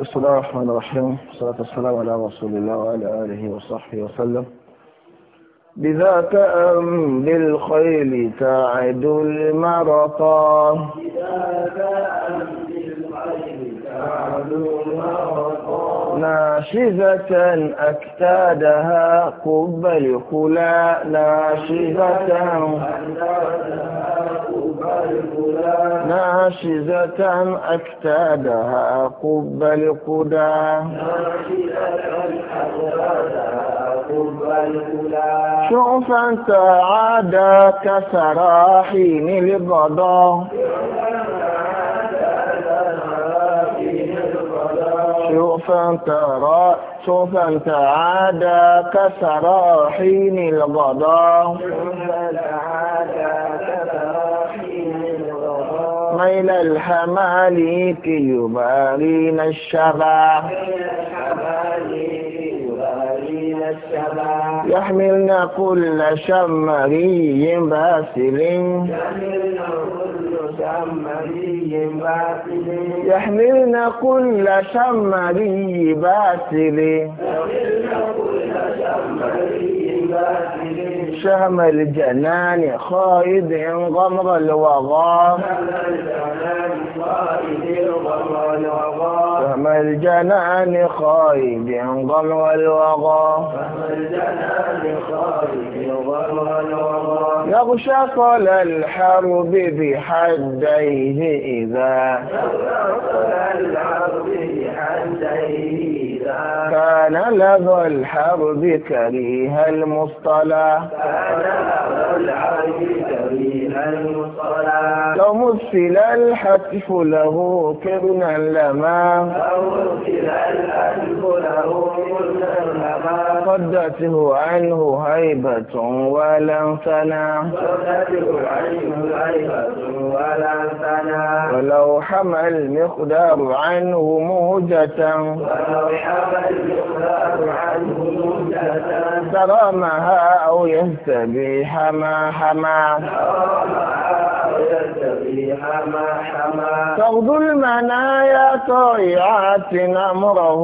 بسم الله الرحمن الرحيم والصلاة والسلام على رسول الله وعلى آله وصحبه وسلم بذاك أم بالخيل تعد المرطى بالخيل تعد المرطى ناشزة أكتادها قبل خلا ناشزة أكتادها ناشزة أكتادها قب لقدا شوفا سعادة كسراحين للرضا شوفا ترى شوفا تعادى كسراحين الغضا شوفا تعادى وميل الحماليك يبارين الشبا يحملنا كل شمري باسل يحملنا كل شمري باسل يحملنا كل شمري باسل الشهم الجنان خائد غمر الوغى فهم الجنان خائد غمر الوغى يغشى صلى الحرب بحديه إذا كان لذو الحرب كريه المصطلح لو مرسل الحتف له كرنا لما صدته عنه هيبة ولا سنا ولو حمى المقدار عنه موجة ولو المقدار عنه موجة ترامها أو يهدى يستبي ما حما تغدو المنايا طائعات أمره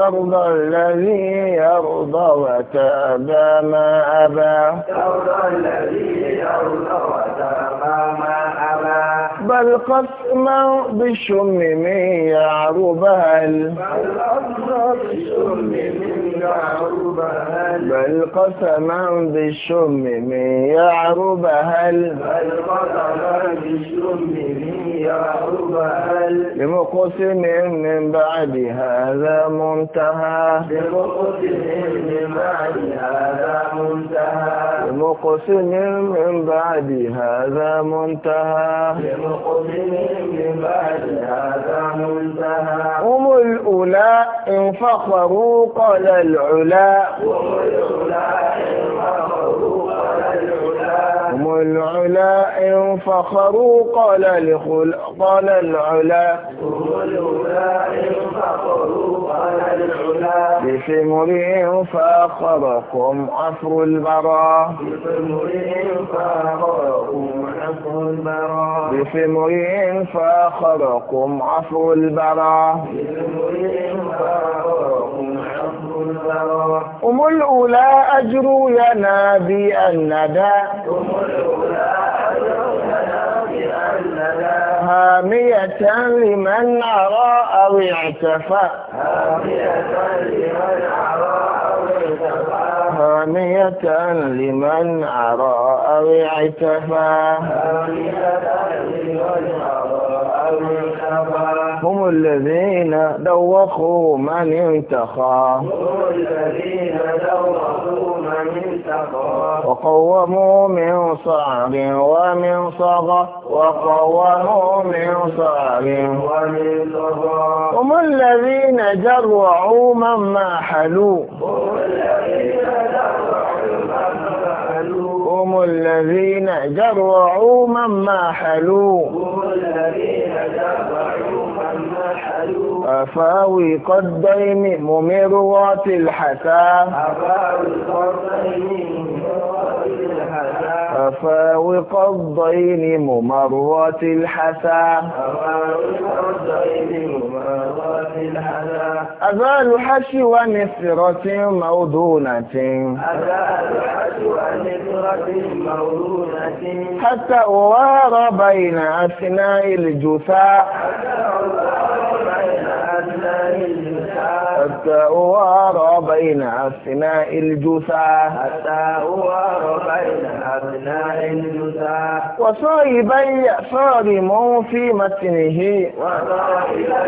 ترضى الذي يرضى وتأبى ما أبى ترضى الذي يرضى وتأبى ما أبى بل قسما بالشم من يعربها بل بسم بل قسما بالشم من يعرب هل بل قسما بالشم من هل بمقسم من بعد هذا منتهى بمقسم من بعد هذا منتهى بمقسم من بعد هذا منتهى بمقسم من بعد هذا منتهى هم الأولى إن فخروا قال العلا هم العلا إن فخروا قال لخل قال العلا هم العلا فاخركم عفر البراء باسم فاخركم عفر البراء باسم فاخركم عفر البراء هم الأولى أجروا لنا بأن ندى هم الأولى أجروا لنا هامية لمن أرى أو اعتفى هامية لمن أرى أو اعتفى هم الذين دوخوا من انتخى وقوموا من صعب ومن صغى وقوموا من صالح هم الذين جرعوا مما حلوا هم الذين جرعوا مما حلوا هم الذين جرعوا أفاوي قدين ممرات الحسا أفاوق الضين ممرات الحسا أزال حشو نسرة موضونة حتى أوار بين أثناء الجثاء حتى أوار بين أثناء الجثى حتى أوار بين أثناء الجثى وصائبا صارم في متنه وصائبا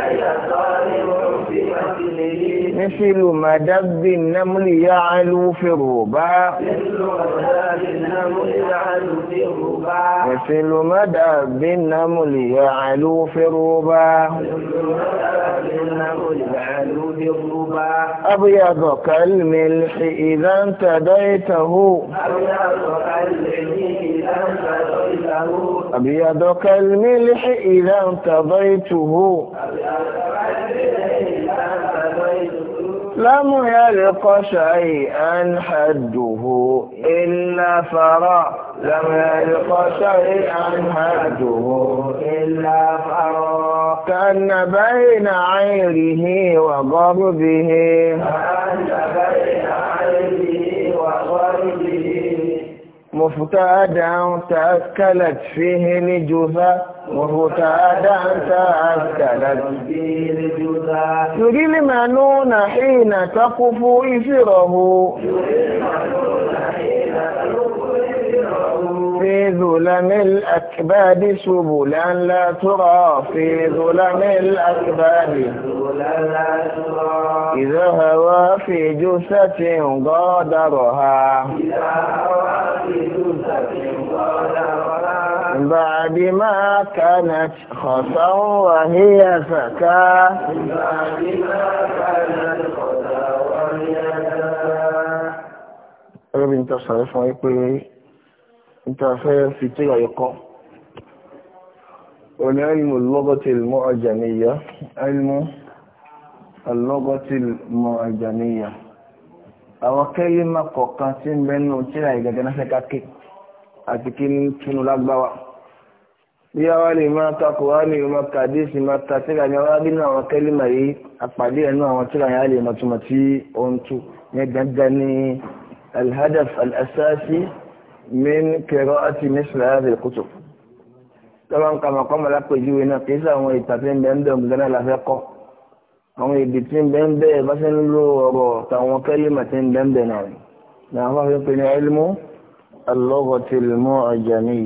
صارم في متنه مثل النمل يعلو في الربا مثل مدب النمل يعلو في الربا مثل مدب النمل يعلو في الربا مثل مدب النمل يعلو في الربا مكتوبا أبيض كالملح إذا انتديته أبيض كالملح إذا انتديته أبيض كالملح إذا انتضيته أبيض كالملح لم يلق شيئا حده إلا فرع لم يلق شيئا حده إلا فرع كان بين عيره وضربه مفتادا تأكلت فيه لجثة مهتادا تأكلت يري المنون حين تقف إثره في ظلم الأكباد سبلا لا ترى في ظلم الأكباد إذا هوى في جثة غادرها بعد ما كانت خطا وهي زكاة Ẹgbẹ́ bí n tọ́ sọ̀rọ̀ fún wípé n tọ́ fẹ́ fi tí ọ̀yọ́ kọ́. Òní ilmù lọ́gọ́tì mọ́ ọjà níyà, ilmù lọ́gọ́tì mọ́ ọjà níyà. Àwọn kẹ́lí má kọ̀ọ̀kan tí ń bẹ́nu tíra ìgẹ̀gẹ̀ náà fẹ́ kákè àti kí ní túnú lágbáwá yíyáwá lè máa takò wá ní ìrùmọ̀ kàdé sí máa ta tíra ní ọwá nínú àwọn kẹ́límà yìí àpàdé ẹnu àwọn tíra yà lè mọ̀túnmọ̀ tí ó ń tú ní gangan ní alhadaf al'asasi min kẹrọ àti misra kutub tọ́lá ń ka mọ̀ kọ́mọ̀ lápèjúwe náà kì í sọ àwọn ìtàn tí ń bẹ ń bẹ láfẹ́ kọ́ àwọn èdè tí ń bẹ ń bẹ bá ṣe ń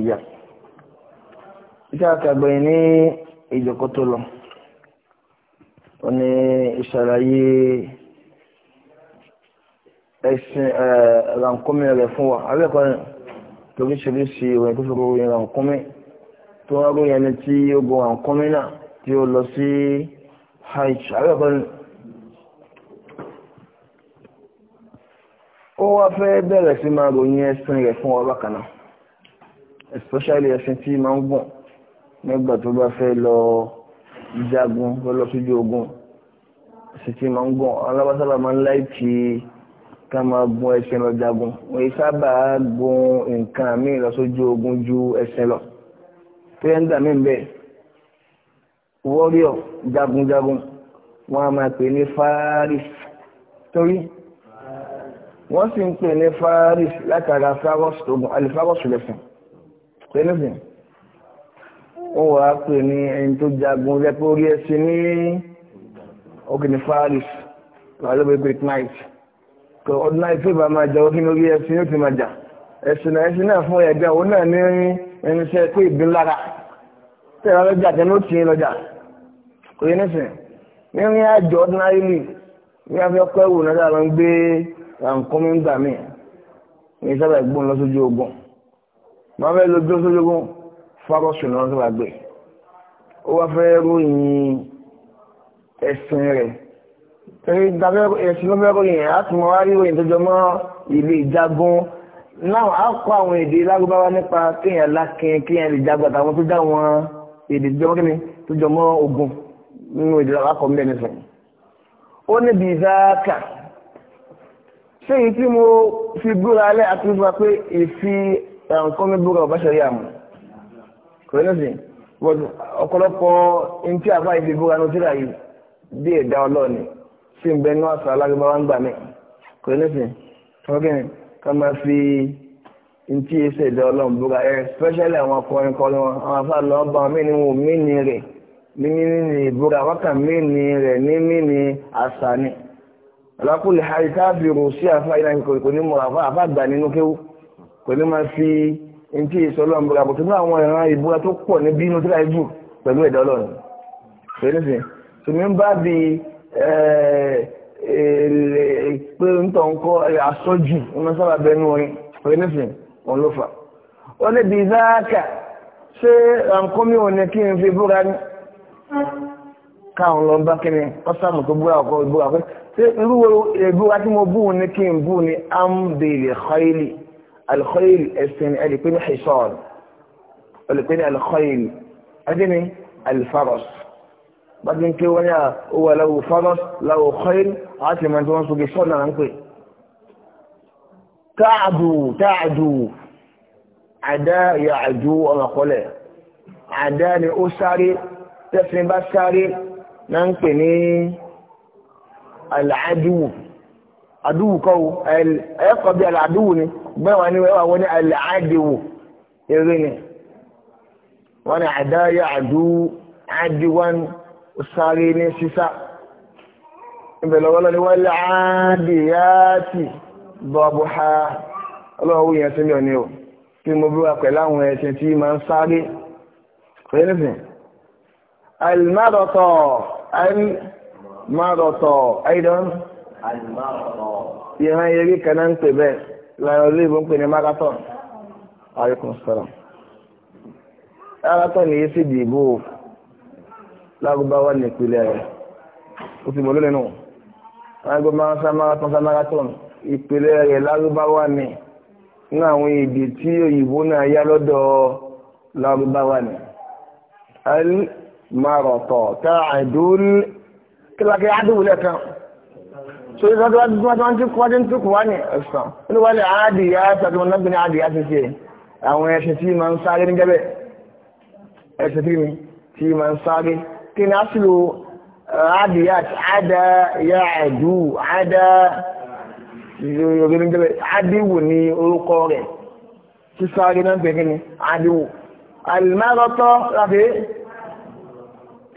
ọ̀rọ̀ ìjà àkàgbẹ̀yìn ní ìjòkó tó lọ ó ní ìṣàlàyé ẹ̀sìn rànkúnmí rẹ̀ fún wa abẹ́ẹ̀kọ́ rẹ̀ lóríṣiríṣi ìròyìn tó fi ròyìn rànkúnmí tó wá ròyìn ẹni tí ó gun rànkúnmí náà tí ó lọ sí hajj abẹ́ẹ̀kọ́ rẹ̀ ó wá fẹ́ bẹ̀rẹ̀ sí máa ròyìn ẹ̀sìn rẹ̀ fún wa bákan náà especially ẹ̀sìn tí máa ń gùn nígbà tó bá fẹ́ lọ jagun lọ sójú ogun sì ti máa ń gùn alábásábà máa ń láìkí ká máa gun ẹsẹ̀ lọ jagun wọ́n sábà gun nǹkan míì lọ sójú ogun ju ẹsẹ̀ lọ tó yẹn ń dà mí bẹ́ẹ̀ wọ́ríọ̀ jagunjagun wọ́n a máa pè ní faris torí wọ́n sì ń pè ní faris látara faros tó gun alifagos lẹ́sìn pé nísìnyí wọ́n wà á pè ní ẹni tó jagun lẹ́pẹ́ orí ẹṣin ní ọkìnrin faris lọ́lọ́bẹ̀ great night tó ọdún náà ìfẹ́ bá máa jà ọkìnrin orí ẹṣin yóò ti máa jà ẹṣin náà ẹṣin náà fún ẹ̀dá òun náà ní irinṣẹ́ pé ìbín lára tẹ̀lé lọ́jà tẹ̀lé ó tì í lọ́jà kò yẹ nísìn nínú àjọ ọdún náà yìí ní afẹ́ ọkọ̀ náà dáa ń gbé àǹkọ́mí ń ní sábà ìgbóhùn lọ́sọ́jú ogun fárọ́sù náà tó wà gbé ó wá fẹ́ ròyìn ẹ̀sìn rẹ̀ ẹ̀sìn ló fẹ́ ròyìn ẹ̀ á tún wá rí ròyìn tó jọ mọ́ ilé ìjagun náà á kọ́ àwọn èdè lárúbáwá nípa kéèyàn lákin kéèyàn lè jagun àtàwọn tó dá wọn èdè tó jọ mọ́ kíni tó jọ mọ́ ogun nínú èdè lákọ̀ọ́ mẹ́rin nìsọ̀rọ̀ ó ní bìzáàkà ṣé èyí tí mo fi búra alẹ́ àti fún wa pé èfi nǹkan mi búra ọ̀bá ṣẹ̀rí àmọ́ kòrínọ́sì ọ̀pọ̀lọpọ̀ ntí àbá ìdí búra ní tíra yìí bí ẹ̀dá ọlọ́ọ̀ni sí ń bẹ ní àṣà alágbèbáwá ń gbà mí kòrínọ́sì tọ́gìn ká máa fi ntí ẹsẹ̀ ẹ̀dá ọlọ́ọ̀n búra ẹ̀ especially àwọn akọrin kọrin wọn àwọn afá lọ bá wọn mí-ín wọn mí-ín rẹ̀ mí-ín ní ìbúra wákà mí-ín rẹ̀ ní mí-ín àṣà ni alákùnlé àyíká bìrù sí àfá ìlànà kò ní mọ̀ àfá àgbà nínú kéwú kò máa fi ní tí èso ọlọ́run bọ̀rọ̀ àbùtù náà àwọn ìran ìbúra tó pọ̀ ní bínú tí láì jù pẹ̀lú ẹ̀dá ọlọ́run fèrèsì tùmí ń bá bi eh, eh, pé ń tọ̀ ń kọ́ àsọ́jù eh, ń sábà bẹnu orin fèrèsì òun ló fà ó lè bi záàkà ṣé àǹkómi ò ní kí n fi búra ní káwọn lọ bá kí ni kọ́sàmù tó búra ọkọ̀ ìbúra pé ṣé irú ìbúra tí mo bú ní kí n bú ní ámdèlè xọ́ìlì الخيل الاثنين حصار الاثنين الخيل ادني الفرس بعدين كيو يا هو لو فرس لو خيل عاتي من دون سوق الصنع نقول تعدو تعدو عدا يعدو أنا قلة عدا لأسري تفهم بسري ننكني العدو àdúwù kọ́ o ẹ̀ẹ́kọ́ bí àdúwù ni bẹ́ẹ̀ wà ní wẹ́wà wọ́n ní àdìwù eré ni wọ́n ní àdáyà àdúwù àdìwọ́n sáré ní sísá ibẹ̀ lọ́wọ́lọ́ ni wọ́n lé àdìyàtì bọ́ọ̀bù ha ọlọ́wọ́ wúyẹn sí mi ò ní o kí mo bí wa pẹ̀lú àwọn ẹ̀sìn tí máa ń sáré pẹ̀lú nìsín almarata almarata aidan ìran eré kan náà ń pè bẹ́ẹ̀ lára olóyìnbó ń pè ní marathon alaikum salam marathon yìí sì dìbò lárúbáwá nípìnlẹ̀ rẹ̀ ó ti bọ̀ lónìí nù wọ́n gbé marathon sa marathon ìpìlẹ̀ rẹ̀ lárúbáwá ni ní àwọn èdè tí òyìnbó náà yá lọ́dọ̀ lárúbáwá ni al-marathon tá àdúrú kí lákẹ́ àdúrú lẹ́kan so ní tọ́jú wájú wájú tí wájú tí kò wá ní ẹ̀sán ní wá lè áàdì yá tàbí wọn lọ́gbìn áàdì yá ṣe àwọn ẹ̀ṣẹ̀ tí ma ń sáré ní gẹ́bẹ̀ ẹ̀ṣẹ̀ tí mi tí ma ń sáré kí ni aṣílò áàdì yá ti ádá yá àdú ádá yorùbá ní gẹ́bẹ̀ ádìwò ní orúkọ rẹ̀ tí sáré náà pè kí ni ádìwò láti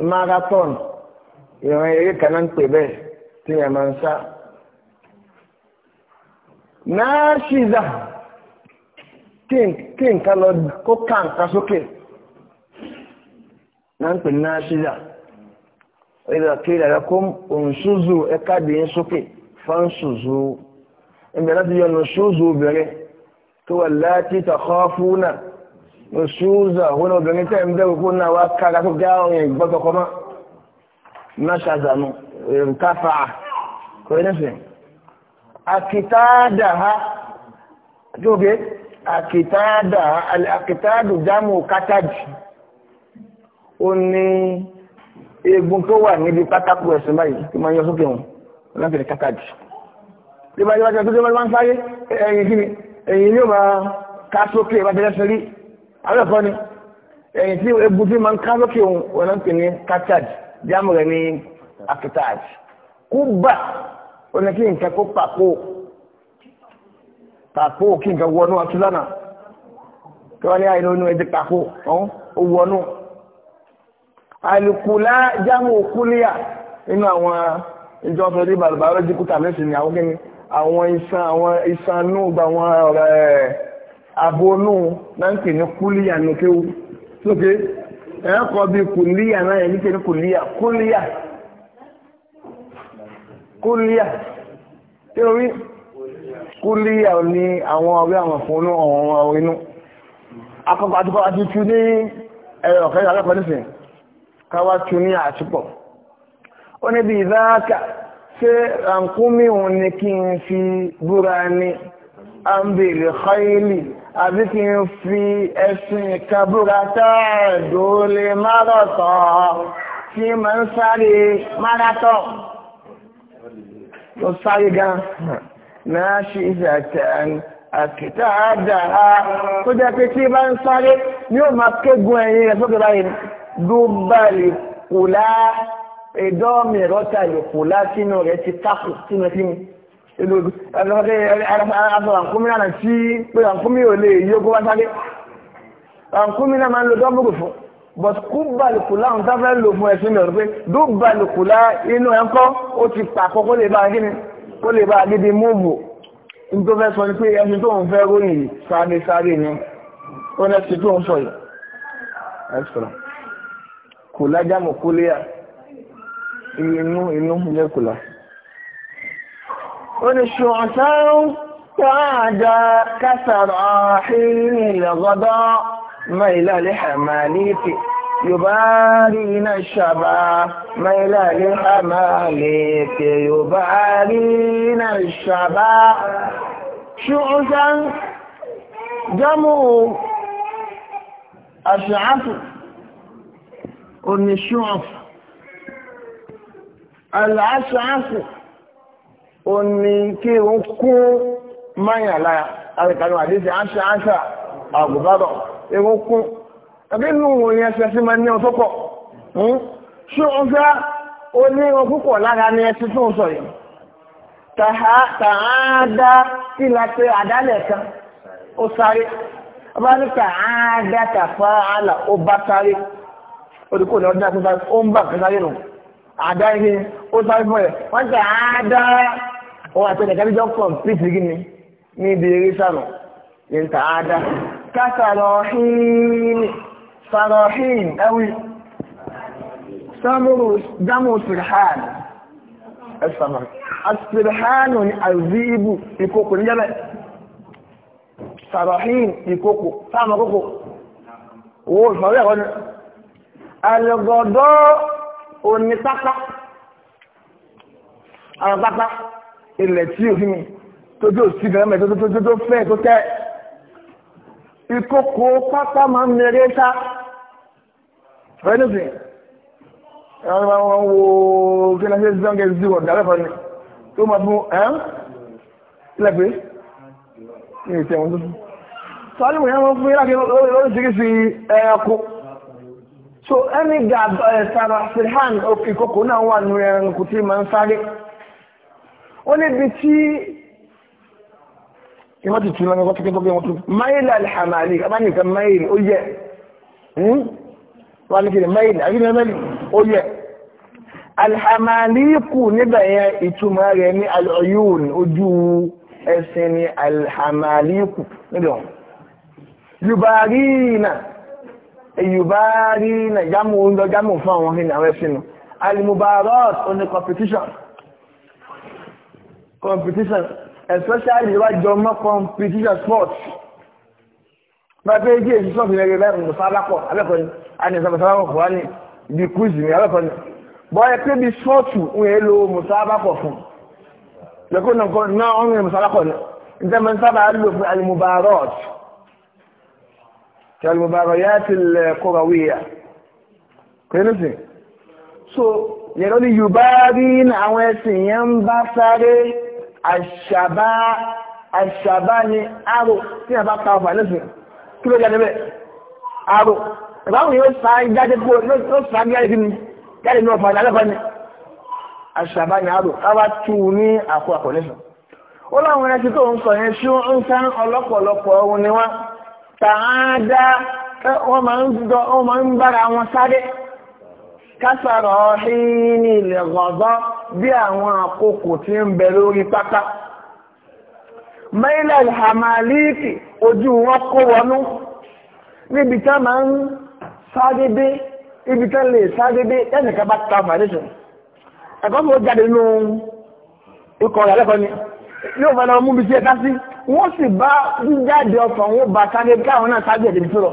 marathon ìrìn eré kan náà ń pè bẹ́ẹ̀ tí ẹ máa ń sá. náà ṣìzà kí nǹkan lọ kó ká nǹkan sókè náà ń pè náà ṣìzà ìdá kí ìdàgbà kó òǹṣúzù ẹ̀ka dìín sókè fáńṣùzù ìbẹ̀rẹ̀ láti yọ òǹṣúzù obìnrin tó wà láti tàkọ́ fún náà òṣùúzà wọn obìnrin tẹ́ ń bẹ̀rù kó náà wá kára tó gá ọ̀rìn ìgbọ́tọ̀kọ́mọ́ náà ṣàzànú ارتفع كويس أكتادها جوبي أكتادها الأكتاد جمع كتاج oni egun tó wà níbi pátákó ẹ̀sìn báyìí tí ma yọ sókè wọn láti rẹ̀ kákàjì tí ma yọ sókè wọn máa ń sáyé ẹ̀yìn kí ni ẹ̀yìn ni ó máa ká sókè bá tẹ́lẹ̀ sẹ́rí àwọn ẹ̀kọ́ ni ẹ̀yìn tí egun tí ma ń ká sókè wọn wọ́n náà ń pè ní kákàjì jáàmù rẹ̀ ní akitaj kúbà ó ní ko papo kó kinka pàpò kí nǹkan wọnú ọtí lọ́nà tí wọ́n ní àìlú inú ẹ̀dí pàpò ọ̀hún ó wọnú àlùkùlá jámù kúlíà nínú àwọn ìjọba ní bàlùbàlọ́jìkútà mẹ́sìn ní àwọn kí ni na nke ni kuliya kúlíà tí ó rí kúlíà ní àwọn ọ̀rẹ́ àwọn fún ọ̀rọ̀ inú akọ́kọ́ àti kọ́kọ́ àti tú ní ẹ̀rọ kẹjọ alẹ́kọ̀ọ́ nísìn káwá tú ní àtúpọ̀ ó níbi ìdáàkà ṣé rànkúmí òun ni kí n fi búra ní àmbèrè xọ́ìlì àbí kí n fi ẹ̀sìn kabúra táàdó lè márọ̀tọ̀ tí mo ń sáré márátọ̀ lọ sáré gan náà ṣe ìzàtàn àkìtà àdáhà tó jẹ́ pé tí bá ń sáré ní ó máa kégun ẹ̀yìn rẹ̀ sókè báyìí dúbàlì kùlá ẹ̀dọ́ mìíràn tàlẹ̀ kùlá sínú rẹ̀ ti tákù sínú sí mi ìlú àkúmínà tí pé àkúmí ò lè yóò kó wá sáré àkúmínà máa ń lo dọ́mùgù fún but kúbalùkùlá ń sáfẹ́ lò fún ẹ̀sìn mi ọ̀rọ̀ pé dúbalùkùlá inú ẹ̀ ń kọ́ ó ti pàkọ́ kó lè bá kíni kó lè bá gidi múùbù ní tó fẹ́ sọ ni pé ẹ̀sìn tó ń fẹ́ ròyìn sáré sáré ni ó ní ẹ̀sìn tó ń sọ yìí ẹ̀sìn kò lájàmù kó lé à inú inú ilé kùlá. ó ní ṣùgbọ́n sáà ń tọ́ àdá kásàrọ̀ àhírí ìlẹ̀gọ́dọ́. ميل لحمانيت يبارين الشباب ميل لحمانيت يبارين الشباب شعثا جمع أشعث أن الشعث الأشعث أن كي أكو ما يلا هذا كانوا حديث عشر عشر أبو بابا èrò kún àbí inú onye ni ẹsẹ̀ sí máa ní ọ tó hmm? ṣé o fẹ́ o ní irun lára ní ẹsẹ̀ tó ń sọ yìí àdálẹ̀ kan ó sáré ọba ní àlà ó bá sáré ní ọdún àti sáré ó ń bà sáré nù àdá ó sáré fún ẹ wọ́n ó wà pé من سعادة كفراحين فراحين أو سمر دم سرحان السمر السرحان الذيب يكوكو نجمع فراحين يكوكو سامة كوكو وول فريق الغضاء onipapa àwọn pápá ilẹ̀ tí òfin mi tó tó sí gẹ̀rẹ́mẹ̀ tó tó tó fẹ́ tó tẹ́ ìkókò pátá máa ń mẹ́rẹ́ sá fẹ́nìfì ẹ̀rọ wọn wo kí lọ́sẹ̀ sí ọ̀gẹ̀ sí wọ̀n dálẹ́ fún mi tó máa fún ẹ́ lẹ́gbẹ́ ní ìtẹ̀ wọn tuntun sọ́ọ́lì mọ̀ yẹn wọ́n fún yín láti lóríṣiríṣi ẹranko so ẹni gàdọ ẹ̀sára sirhan ìkókò náà wà nínú ẹranko tí máa ń sáré ó níbi tí kí wọ́n ti tún lọ́nà kọ́tí kẹ́kọ́ bí wọ́n tún máìlì alhamali abá nìkan máìlì ó yẹ hmm? wọ́n ní kiri máìlì àbílẹ̀ máìlì ó yẹ alhamali kù níbẹ̀ yẹn ìtumọ̀ rẹ̀ ní alọ́yún ojú ẹsẹ̀ ní alhamali kù níbẹ̀ wọn yubarina yubarina jámù oúnjẹ jámù fún àwọn ọ̀hìn àwọn ẹsẹ̀ nù alimubarat oní competition competition especially ìjọba jọ mọ́ competition sport pàtó èjì èsì sọ́ọ̀fù yẹn gẹ́gẹ́ báyìí sábàkọ̀ abẹ́kọ̀ni àni sábàkọ̀ kọ̀ wá ní ibi kúùsì mi abẹ́kọ̀ni bọ́ọ̀yẹ pé bí spọ́ọ̀tù ń yẹ lo mùsábàkọ̀ fún lẹ́kọ̀ọ́ náà náà ń yẹ mùsábàkọ̀ ní ìjọba ń sábà lò fún alimubarot alimubarot kọ̀wáwíyà kẹ́lẹ́sìn so yẹ̀rọ ni yorùbá rí àwọn ẹ̀sìn yẹn ń bá sáré àṣàbá àṣàbá ni arò tí a bá pa ọ̀fà lẹ́sìn kí ló jáde bẹ́ẹ̀ arò ìbáwọn yóò sa jáde kó ló sa jáde kí ni jáde ní ọ̀fà lálẹ́fà ni àṣàbá ni arò káwá tú ní àkó àkó lẹ́sìn ó láwọn ẹni tó ń sọ yẹn tí ó ń sá ọlọ́pọ̀lọpọ̀ ohun ni wọ́n tàá dá wọ́n máa ń bára wọn sáré kásàrọ̀ ọ̀hìn ní ilẹ̀ gọ̀ọ̀gọ́ bí àwọn àkókò tí ń bẹ lórí pátá maila alhamaliki ojú wọn kó wọnú níbi tán máa ń sárébé ibi tán lè sárébé ẹnìkan bá ta foundation ẹ̀kọ́ fún ó jáde nínú ikọ̀ rẹ̀ lẹ́kọ̀ọ́ ni yóò fẹ́ lọ mú bí sí ẹ̀ká sí wọ́n sì bá jíjáde ọkàn wọn bá sáré káwọn náà sáré ẹ̀dẹ̀bí tó lọ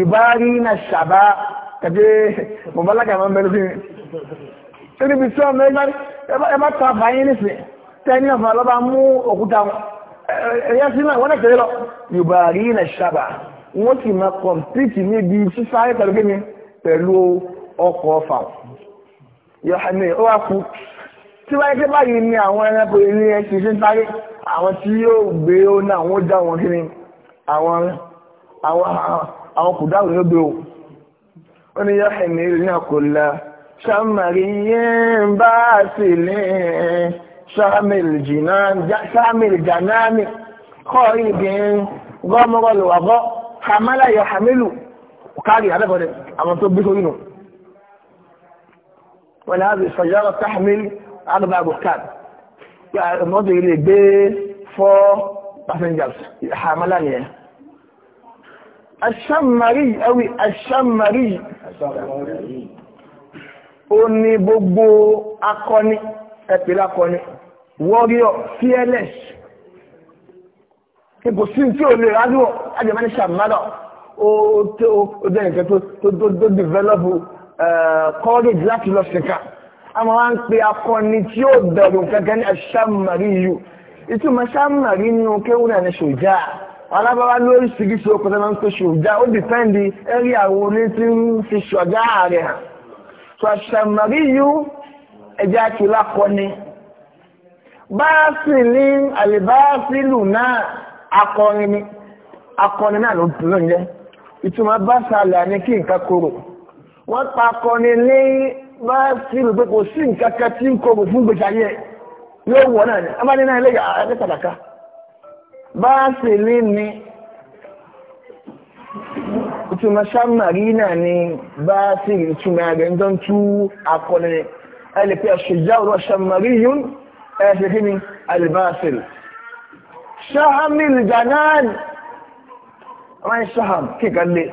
ìbárí náà ṣàbá kàdé mọ̀bálágà máa ń bẹ̀rẹ̀ sí i níbi tí ọmọ ẹ bá ta àbáyé nísìn tẹ́ni ọ̀fà lọ́ba mú òkúta ẹ̀yà sínú àwọn ẹ̀kẹ́rẹ́ lọ yorùbá rí ilẹ̀ ṣàbà wọ́n sì máa kọ̀mpìtì níbi sísáré pẹ̀lú kí ni pẹ̀lú ọkọ̀ ọ̀fà yọ̀hánì ó wá kú tí wáyé pé báyìí ni àwọn ẹranko ilé ẹ ti ṣe ń sáré àwọn tí yóò gbé ó náà wọ́n dá wọn kí ni àwọn kùdáwò ló gbé o oníyàhìnìrìnà kò la ṣàmàríyìn bá a sì lè ṣàmìlì jànáàmì kọ́ ìdín gọ́mọ́gọ́lù àbọ́ hàmálàyọ̀ hàmílù kárí àdẹ́bọ̀dẹ̀ àwọn tó bí sórí nù wọ́n láàbì sọ̀yọ́rọ̀ tàhàmìlì àdùbàgbò káàdì mọ́tò ilé gbé 4 passengers hàmálà nìyẹn aṣámarí ẹwì aṣámarí ó ní gbogbo akọni ẹ̀pẹ̀lẹ̀ akọni warrior fearless ipò sí tí ò lè rádùn ajẹ́mọ́ ní ṣàmádà ó jẹ́ nǹkan tó develop eh, courage láti lọ síkà a máa ń pe akọni tí ó bẹ̀rù kankan ní aṣámarí yìí ìtumọ̀ aṣámarí nínú kéwúrẹ́ ní ṣòjáà alábáwá lóríṣiríṣi okùn tó máa ń fi ṣùjá ó dìpẹ́ndì ẹ̀rí àwọn oní tí ń fi ṣọ̀já ààrẹ hàn yú ẹja kọni báàsì ní àlèbáàsìlù náà akọrin ni akọrin náà ló ń jẹ ìtumọ̀ báṣàlà ni kí nǹkan korò wọ́n pa akọni ní báàsìlù pé kò sí nǹkan kan tí ń korò fún gbèsè ayé yóò wọ̀ náà ni báàsìlì ni ìtumọ̀ sàmàrí náà ni báàsìlì ìtumọ̀ àgbẹ̀ndọ́n tú akọni ẹlẹ́pẹ́ ṣèjá ọ̀rọ̀ sàmàrí yún ẹ̀ṣẹ̀ kí ni alìbáàsìlì ṣahamil janan wọ́n ṣaham kíkà lè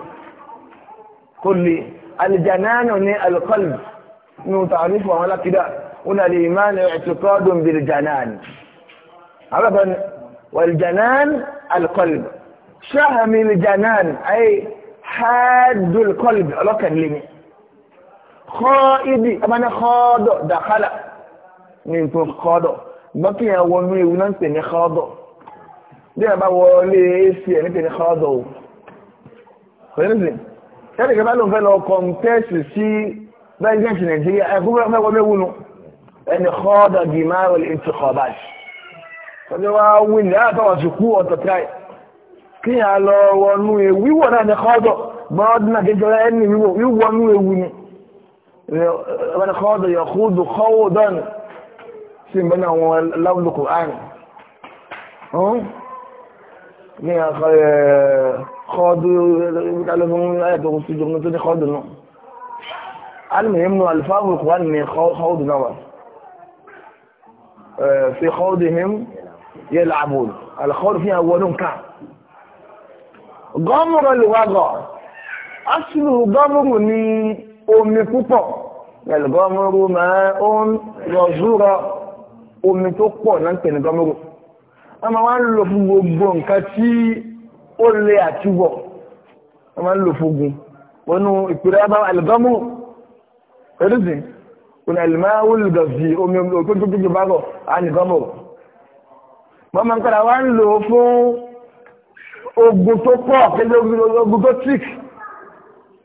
kò lè alìjanan ní alìkọlù ní tààrífù àwọn alákìdá wọn alìmánà ẹ̀tùkọ́dùn bìrì janan والجنان القلب شهم الجنان أي حاد القلب لك لمي خائد أما خاض دخل من فوق خاض بقي ومي وننسى خاض bí ẹ bá wọlé ac ẹ nípe ní kọ́ọ̀dọ̀ o fẹ́rẹ́sìn kẹ́lì kẹfà ló ń fẹ́ lọ kọ̀ǹtẹ́sì sí bẹ́ńgẹ́sì nàìjíríà ẹ̀kú fẹ́ wọlé wúnu ẹni kọ́ọ̀dọ̀ di márùn-ún ìtìkọ̀ọ̀báṣì tọ́jọ́ wá wí ní àtàwọn sì kú ọ̀tọ̀ tíráì kí a lọ wọnú ewu wíwọ̀ náà ní kọ́ọ̀dọ̀ bọ́ọ̀dún náà kéjọ ẹni wíwọ̀ wíwọnú ewu ni ẹbẹ̀ni kọ́ọ̀dọ̀ yọ kúdù kọ́wọ́dọ̀nù sí ìbẹ́ náà wọn lábùlù kùrán ní yal'abun alkhawr fiha wọnúnkà gọ́mùrọ̀ lùwàgọ̀ asìlù gọ́mùrù ní omi púpọ̀ gọ́mùrù máa ń rọ̀zúrọ̀ omi tó pọ̀ náà pẹ̀lú gọ́mùrù wọ́n máa ń lò fún gbogbo nǹkan tí ó lè àtúbọ̀ wọ́n máa ń lò fún gun wọnú ìpìlẹ̀ bá alìgọ́mùrù pẹ̀lú sí oní alìmáwùlù gọ̀ọ̀sì omi òkú tó gbogbo bá rọ̀ alìgọ́mùrù wọ́n máa ń padà wá ń lò ó fún ogun tó pọ̀ kéde ogun tó tík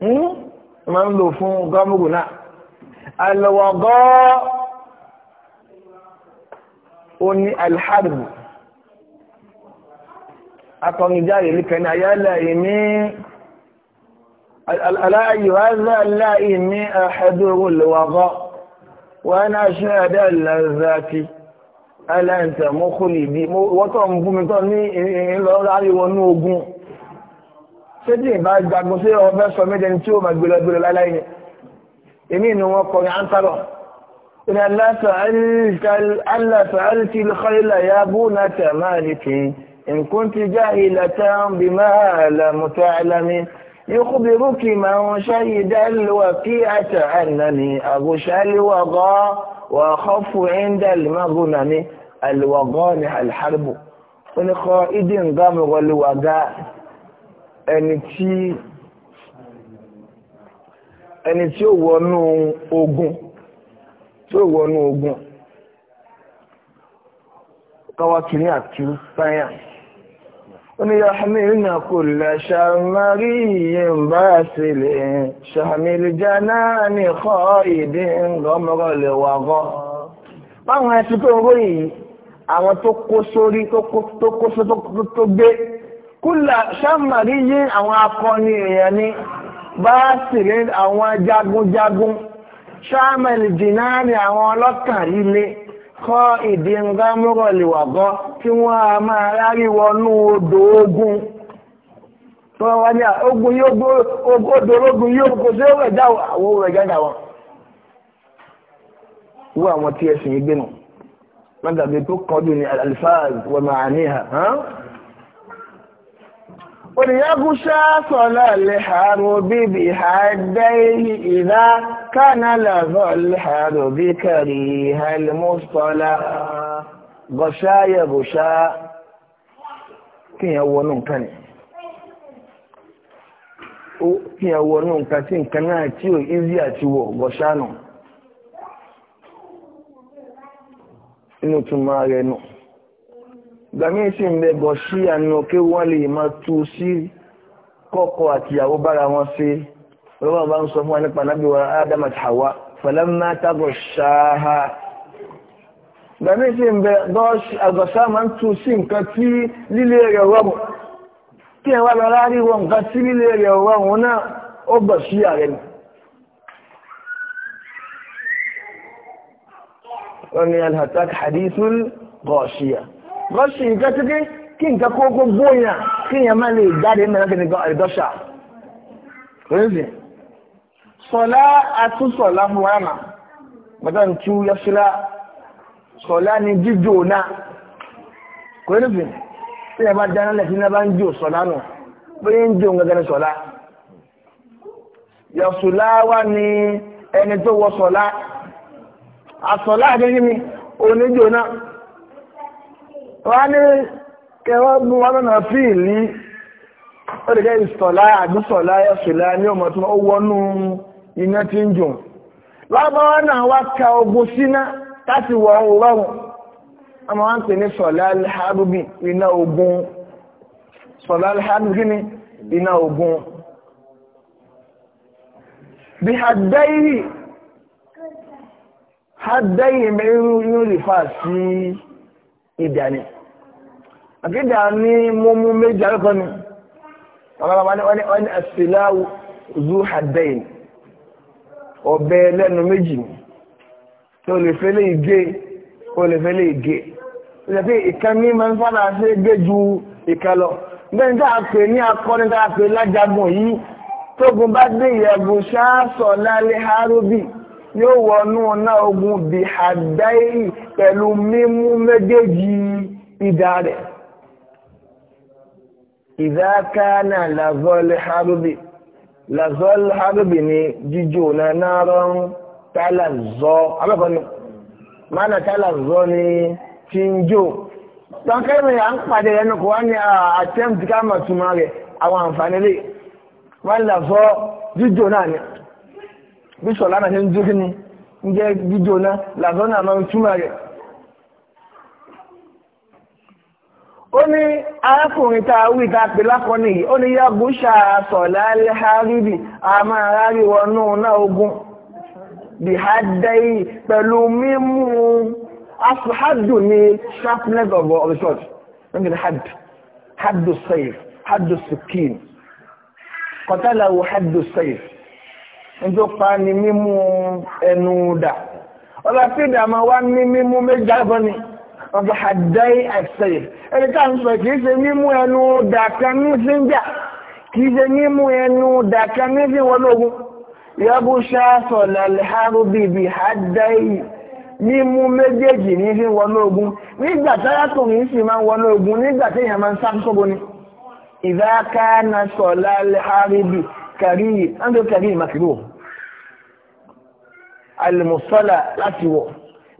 hmm? wọ́n máa ń lò fún gọ́mùgù náà alọ́wọ́gọ́ ó ní alhárùbù akọ̀nìjáde ní kẹ́ni ayálà ìní aláyíwáza aláìní àhẹ́dùrú lọ́wọ́gọ́ wọ́n á ṣe àdá ìlànà ẹlẹ́ǹtẹ̀ mọ́ kó lè bí wọ́tọ̀ ń fún mi tọ́ ní ìlọ́ráríwọnú ogun ṣé tí ìbá jagun sí ọfẹ́ sọ méje ní tí ó máa gbélé gbélé láláì ni èmi ni wọ́n kọ ní antarọ̀ ìní aláṣàárìtì lọ́kọ́lá ya bú na tẹ̀máàlìkì nǹkan ti já ilẹ̀ tán bí máa làmùtọ́ alámi يخبرك من شهد الوقيعة أنني أغشى الوغى وأخف عند المغنم الوغانح الحرب ونقائد غمغ والوغاء ẹni tí ẹni tí ó wọnú ogun tí ó wọnú ogun káwàkiri àti sáyẹ̀nsì يحملن كل شمري باسل شحمل جنان خائد غمر الوغى báwọn ẹ̀sùn tó ń ròyìn àwọn tó kó sórí tó kó só tó gbé kúlà ṣàmàrí yí àwọn akọni èèyàn ní báásìlẹ̀ àwọn jagunjagun ṣàmàlì jìnnà ní àwọn ọlọ́kàn líle kọ ìdí nga mọ́rọ̀lìwàgọ́ tí wọ́n a máa rárí wọnú odò ogun tó wá ní ogun yóò odò ogun yóò kò sí ó rẹ̀já àwọn òrẹ̀jáda wọn wú àwọn tí ẹ̀sìn gbénu mọ́tàbí tó kọjú ní alifáàz wọ́n máa ní ha وليغشى صلاة الحرب بحديه إذا كان لظى الحرب كريه المصطلى غشى يغشى kí ẹ wọnú kí ẹ wọnú nǹkan tí nǹkan náà tí ò ízí àti wọ̀ gọ̀ṣánù inú tún máa náà gbàmí sí ń bẹ̀bọ̀ sí àánú kí wọ́n lè máa tú sí kọ́kọ́ àti ìyàwó bára wọn sí rọ́bà bá ń sọ fún wa nípa nábì wa Adam àti Hawa falamma taghshaha gbàmí sí ń bẹ gọ́ọ̀ṣì àgọ̀ṣá máa ń tú sí nǹkan tí líle rẹ̀ rọrùn kí ẹ lọ rárí wọn nǹkan tí líle rẹ̀ rọrùn náà ó gbọ̀ sí ààrẹ nù wọ́n ni alhatak hadithul gọ́ọ̀ṣìyà rọ́ṣì nǹkan títí kí nǹkan kó kó bóyá kí èèyàn má lè jáde mẹ́rin kí Sola a tu Sola àtúnṣọ̀lá fún wa ya bàtà Sola ni jíjò náà kò rẹ́sì tí ba bá dáná lẹ́sìn náà bá sola no. sọ̀lá nù bóyá sola? Ya nǹkan sola? A sola a oníjò náà. wọ́n ní kẹwàá mú wọn lọ́nà fíìlì ó lè jẹ́ ìsọ̀lá àdúsọ̀lá ẹ̀sọ̀lá ní ọmọ tí ó wọnú iná tí ń jùn lábọ́wọ́ náà wá ka ogun síná láti wọ ọlọ́run ọmọ wọn pè ní sọ̀lá alhábùbí iná ogun sọ̀lá alhábùbí ní iná ogun bí ìdà ni àkídà ní mọ́mú méjì àkọ́kọ́ ni ọlọ́pàá ní wọ́n ní wọ́n ní àṣìláwù zu hadain ọ̀bẹ lẹ́nu méjì ni tí o lè fẹ́ lè gé o lè fẹ́ lè gé o lè fẹ́ ìkan ní máa ń fọ́nà sí gé ju ìkan lọ bẹ́ẹ̀ ní tá a pè ní akọni tá a pè lájagun yìí tógun bá dé ìyẹ̀bù ṣáà sọ̀ lálẹ́ harobi yóò wọnú náà ogun bíi hadain pẹ̀lú mímú méjèèjì ìdá rẹ̀ ìdákánà làzọ́lẹ̀ harubi làzọ́lẹ̀ harubi ni jíjò na náàrán tálàzọ́ abẹ́kọ̀ọ́ni mana tálàzọ́ ni tí ń jò tọ́kẹ́rin à ń pàdé ẹnu kò wá ní àtẹ́mtì ká mà túmọ̀ rẹ̀ àwọn àǹfààní lè wọ́n làzọ́ jíjò náà ni bí sọ̀lá ṣe ń jó kí ń jẹ́ jíjò náà làzọ́ náà máa túmọ̀ rẹ̀ ó ní arákùnrin ta wí ta pè lákọ́ni yìí ó ní yàgùṣà sọ̀lá lẹ́hàríbì a máa rárí wọnú náà ogun bí ha dẹ́yì pẹ̀lú mímú asuhadu ní sharpness of the short nígbà ní had hadu saif hadu sikin kọtàláwò hadu saif nítorí pa ni mímú ẹnu dà ọlọ́pìdà máa wá ní mímú méjì àbọ̀ ni. Mimu, ọ̀bọ̀ àdáyé àṣẹyẹ̀ ẹni tá ń sọ kìí ṣe mímú ẹnu dàkà ní sí ń jà kìí ṣe mímú ẹnu dàkà ní sí wọn lógún yọbú ṣáàṣọ làlẹ́hárú bíbí àdáyé mímú méjèèjì ní sí wọn lógún nígbà táyàtò ní sì máa ń wọn lógún nígbà téèyàn máa ń sáfúnṣọ́bọ ni ìdáká náà sọ làlẹ́hárú bíi kàrí ẹ̀ ń lọ kàrí ìmàkìlú àlùmọ̀sọ́là láti wọ̀.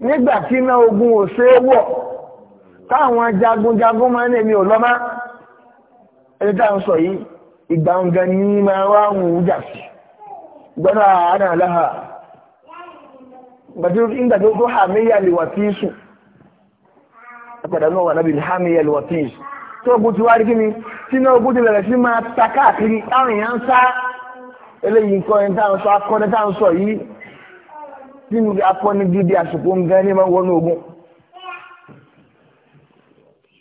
nígbà tí iná ogun ò ṣe é wọ̀ táwọn jagunjagun máa ń èmi ò lọ́mọ́ ẹni tá à ń sọ yìí ìgbà ọ̀gá ní máa wá ń wù jà sí gbọ́dọ̀ àánà aláha ìgbà tó tó hàmíyà lè wà tí sùn àpàdà náà wà nábì hàmíyà lè wà tí sùn tó ogun ti wá rí kíni tí ogun ti bẹ̀rẹ̀ sí máa ta káàkiri sínú akọni gidi àsìkò nǹkan ní máa wọnú ogun.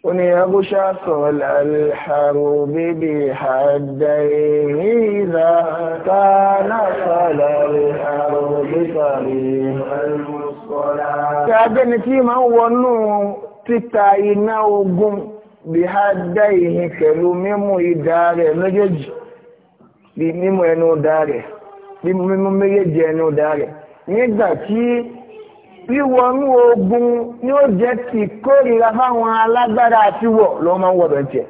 ó ní agbóṣà sọ̀rọ̀ làlùhàrò bíbí àdá èyí ìlà ká náà sọ̀rọ̀ làlùhàrò bíbí àlùsọ̀rọ̀. ṣé abẹ́ni tí máa ń wọnú títa iná ogun bí àdá èyí pẹ̀lú mímú ìdá rẹ̀ méjèèjì bí mímú ẹnu ìdá rẹ̀ bí mímú méjèèjì ẹnu ìdá rẹ̀. nígbà tí wíwọnú ogun ni ó jẹ́ ti kórìíra fáwọn alágbára àti wọ̀ lọ́wọ́ máa ń wọ̀dọ̀ jẹ́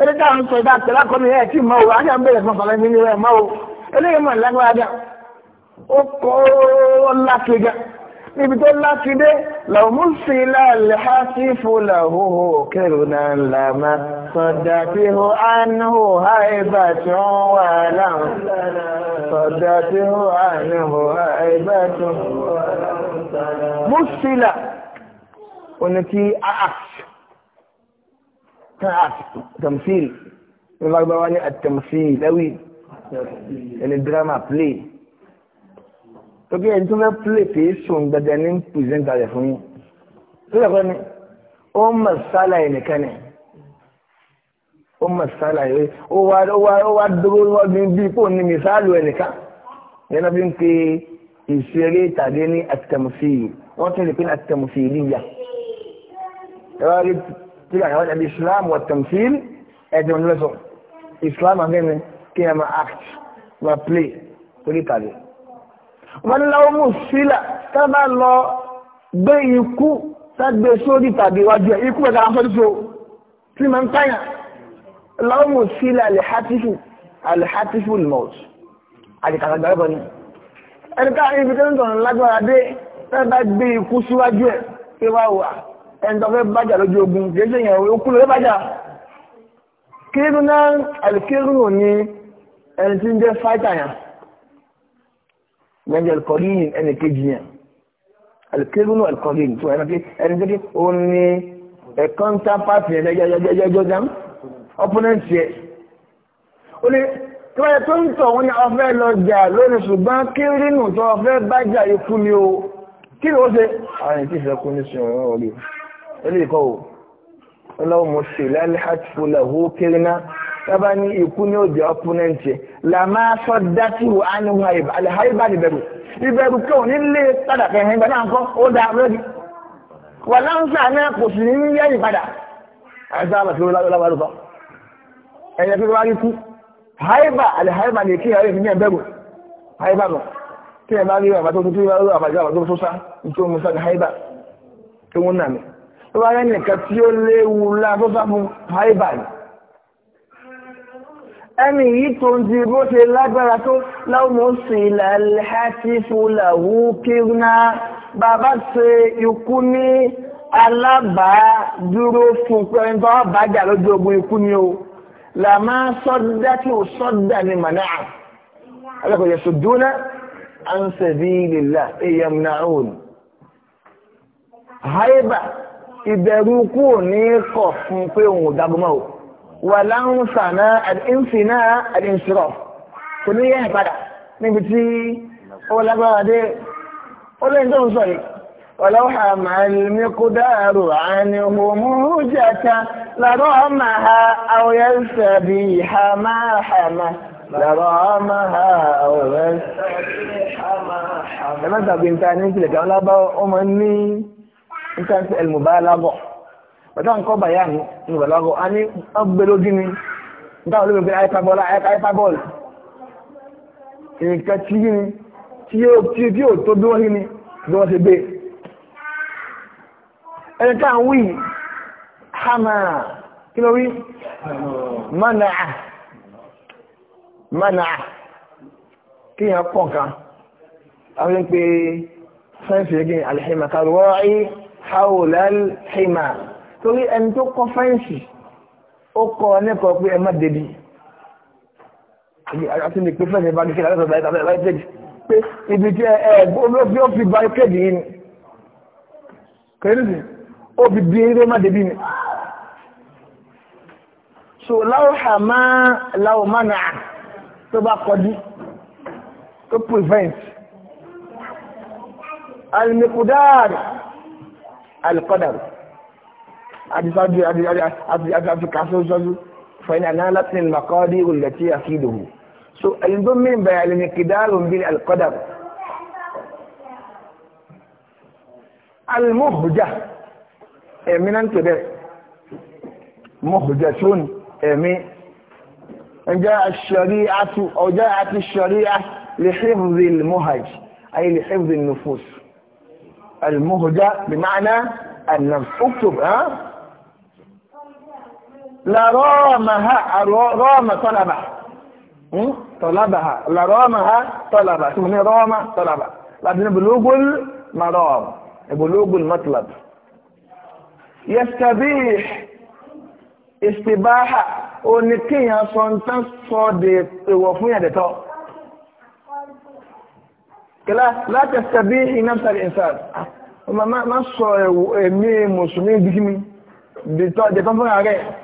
ẹni tá sọ ìdá pẹ̀lú akọni ẹ̀ tí mọ́ o á yà ń bẹ̀rẹ̀ fún ọ̀sán ẹ̀ نبتول لا ده لو مصيلا لحاسف له كرنا لما صدته عنه هيبة ولم صدته عنه هيبة ولم مصيلا ونكي أعكس تعكس تمثيل يبقى بواني التمثيل أوي يعني الدراما بلي tó kí ẹni tó fẹ́ plé kìí sùn dandan ní pìrìsẹ́ńtà rẹ̀ fún yín tó dàgbọ́ ni ó mọ̀ sálà yìí nìkan ni ó mọ̀ sálà yìí ó wá ó wá ó wá dúró wọ́n bí kò ní mi sálù ẹ̀ nìkan yẹn náà fi tàbí ní àtẹ̀mùsíyì wọ́n tún lè pín àtẹ̀mùsíyì líyà ẹ̀rọ rí tí a kàwọn ẹ̀bí islam wọ̀ tẹ̀mùsíyì ẹ̀dùn lọ́sọ̀ islam àgbẹ̀ni kí ẹ máa act máa play torí tàbí wọ́n ní láwọn mú sílà tá bá lọ gbé ikú ságbé sórí tàbí iwájú ẹ̀ ikú ẹ̀ka afọ́ tó tí ma ń tàyà láwọn mú sílà alìhátífù alìhátífù lọ́ọ̀tù àdìkàtà gbàgbọ́ ni ẹni ká ibi tó ń tọ̀nà lágbára dé tá gbé ikú síwájú ẹ̀ pé wá wà ẹni fẹ́ bàjá lójú ogun kìí ṣe yẹn ó kú lórí kírun náà àlìkírun ò ní ẹni tí ń jẹ́ fáìtà yẹn gbẹ́njẹ́ alkọ̀rin ẹni kejì yẹn alkẹ́gùnú alkọ̀rin tó ẹni pé ẹni tó kí o ní ẹ̀kan tá pàtì ẹ̀ jẹjẹjẹjọ dám opponent yẹ o lè tí wọ́n yẹ tó ń tọ̀ wọ́n ní ọfẹ́ lọ jà lónìí ṣùgbọ́n kírínù tó ọfẹ́ bá jà yìí fún mi o kí ni ó ṣe àwọn ètí ìṣẹ́kù ní sùn ọ̀rọ̀ ọ̀rẹ́ tábà ní ikú ní òjò ọpọnẹǹtì làmá sọ dátì wò á ní wà ìbà àlàháìbà nìbẹ̀rù ìbẹ̀rù kí òun nílé padà kẹhìn ìgbà náà kọ́ ó dá lórí wà láǹsà náà kò sì ní yẹ́yìn padà àìsàn àbàtì olùlàwàlùfà ẹ̀yẹ pé wá rí kú háìbà àlàháìbà ní kí ẹ̀rẹ́ ìfìyàn bẹ̀rù háìbà nù kí ẹ̀ bá rí àbàtì òtútù ìbáwó àbàjọ àbàtì òtútù sá nítorí mo sá ní ẹni yìí tó ń di bó ṣe lágbára tó láwùmọ́sí ìlàlẹ́hàtífúláwú kírná bàbá ṣe ikú ní alábàádúró fún pẹ́rin tó bàjá lójú ogun ikú ni o làmá sọ́dá tí ó haiba ìbẹ̀rù kú ní kọ̀ fún pé òun ò dágbọ́mọ́ o wàláńsànà àdínfìnà àdínṣirọ̀ kò ní yẹ́ ìpadà níbi tí ó lágbára dé ó lẹ́yìn tó ń sọ yìí ọlọ́wọ́ àmàlùmíkúdàrò àníhùmúrújàta lọ́rọ̀ ọmọ ha àwòyẹ́ sẹ̀bí hàmáhàmá lọ́rọ̀ ọmọ ha àwòyẹ́ sẹ̀bí hàmáhàmá ẹ̀mẹ́ta bí n ta ní ìpìlẹ̀ kan lábá ọmọ ní ìtàkì ẹlmùbá lábọ̀ pẹ̀lú àǹkọ́ bàyá ní ìgbàlágọ́ a ní ọgbẹ́ ni nítawọn olóògbé aipabola aipabol nǹkan tí yí ni tí yóò tí tí yóò tó bí wọ́n yí ni bí wọ́n ṣe gbé ẹni tá à ń wí hama kí ló wí manaa manaa kí yẹn pọ̀ kan àwọn ń pe sáyẹ́nsì yẹn kí ni alihima karuwa ẹ̀ hawlal hima torí ẹni tó kọ́ fẹ́ǹsì ó kọ́ ọ lẹ́kọ̀ọ́ pé ẹ má débi àti ní pé fẹ́ǹsì bá ní kíkà lẹ́kọ̀ọ́ báyìí báyìí tẹ̀jì pé ibi tí ẹ ẹ olóògbé ó fi báyìí kéde yìí ni kẹ́rìndì ó fi bí eré má débi ni. so láwùhà máa láwù máa nà tó bá kọjú tó prevent alimikudaari alikọdaari. àdìsájú àdìkàṣọ́ sọ́jú fẹ́ni àná láti ní makọ́dí olùlẹ̀tí àkídòhù so ẹni tó mí bẹ̀rẹ̀ àlẹ́ni kìdáàrò ń bí alkọ́dà almuhujja ẹ̀mí náà ń tẹ̀ bẹ́ẹ̀ muhujja tún ẹ̀mí ẹjẹ́ àṣọrí àti ọjọ́ àti ṣọrí lè ṣèfùzì muhaj ayé lè ṣèfùzì nufus almuhujja bí máa ná النفس اكتب ها لرامها طلبة طلبها لرامها طلبة تسمى رامة طلبة لكن بلوغ المرام بلوغ المطلب يستبيح استباحة ونكيها صنطان صديق وفنيا دتو كلا لا تستبيح نفس الإنسان ما ما ما صو إمي مسلمين بكمي دتو دتو فنيا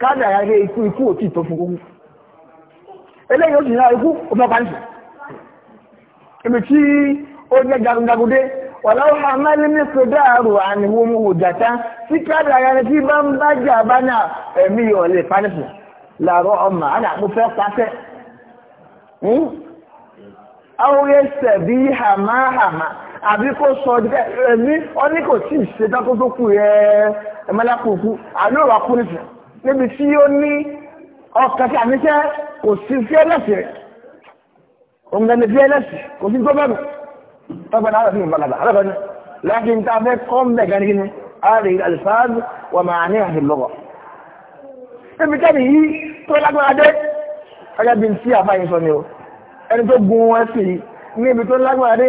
káàdì àyàrí ikú ikú òtí tó fún gbogbo eléyìí ó sì náà ikú ọmọ pàǹtì ibi tí ó jẹ́ jagunjagundé ọ̀làwọ̀ hamali ní àrò àníwò mú òjàtá tí káàdì àyàrí tí bá ń náà ẹ̀mí pàǹtì ọmọ mo fẹ́ pàṣẹ. Hmm? àbí sọ ọ ní kò tí ì ṣe dákó kù ẹ̀ ẹ̀ mẹ́lá kò kú àná kú níbi tí ó ní ọkàn tí àníṣẹ́ kò sí fíẹ́lẹ̀sì rẹ̀ òun lẹni fíẹ́lẹ̀sì kò sí tó bẹ̀rù tọ́gbọ̀n náà fi ìbàlàbà alábẹ́ni lẹ́yìn tá a fẹ́ kọ́ ń bẹ̀ gan ni ààrẹ alifáàzù wà máa ní àti lọ́wọ́ níbi tẹ́lẹ̀ yìí tó lágbára dé ẹni tó gun wọn níbi tó lágbára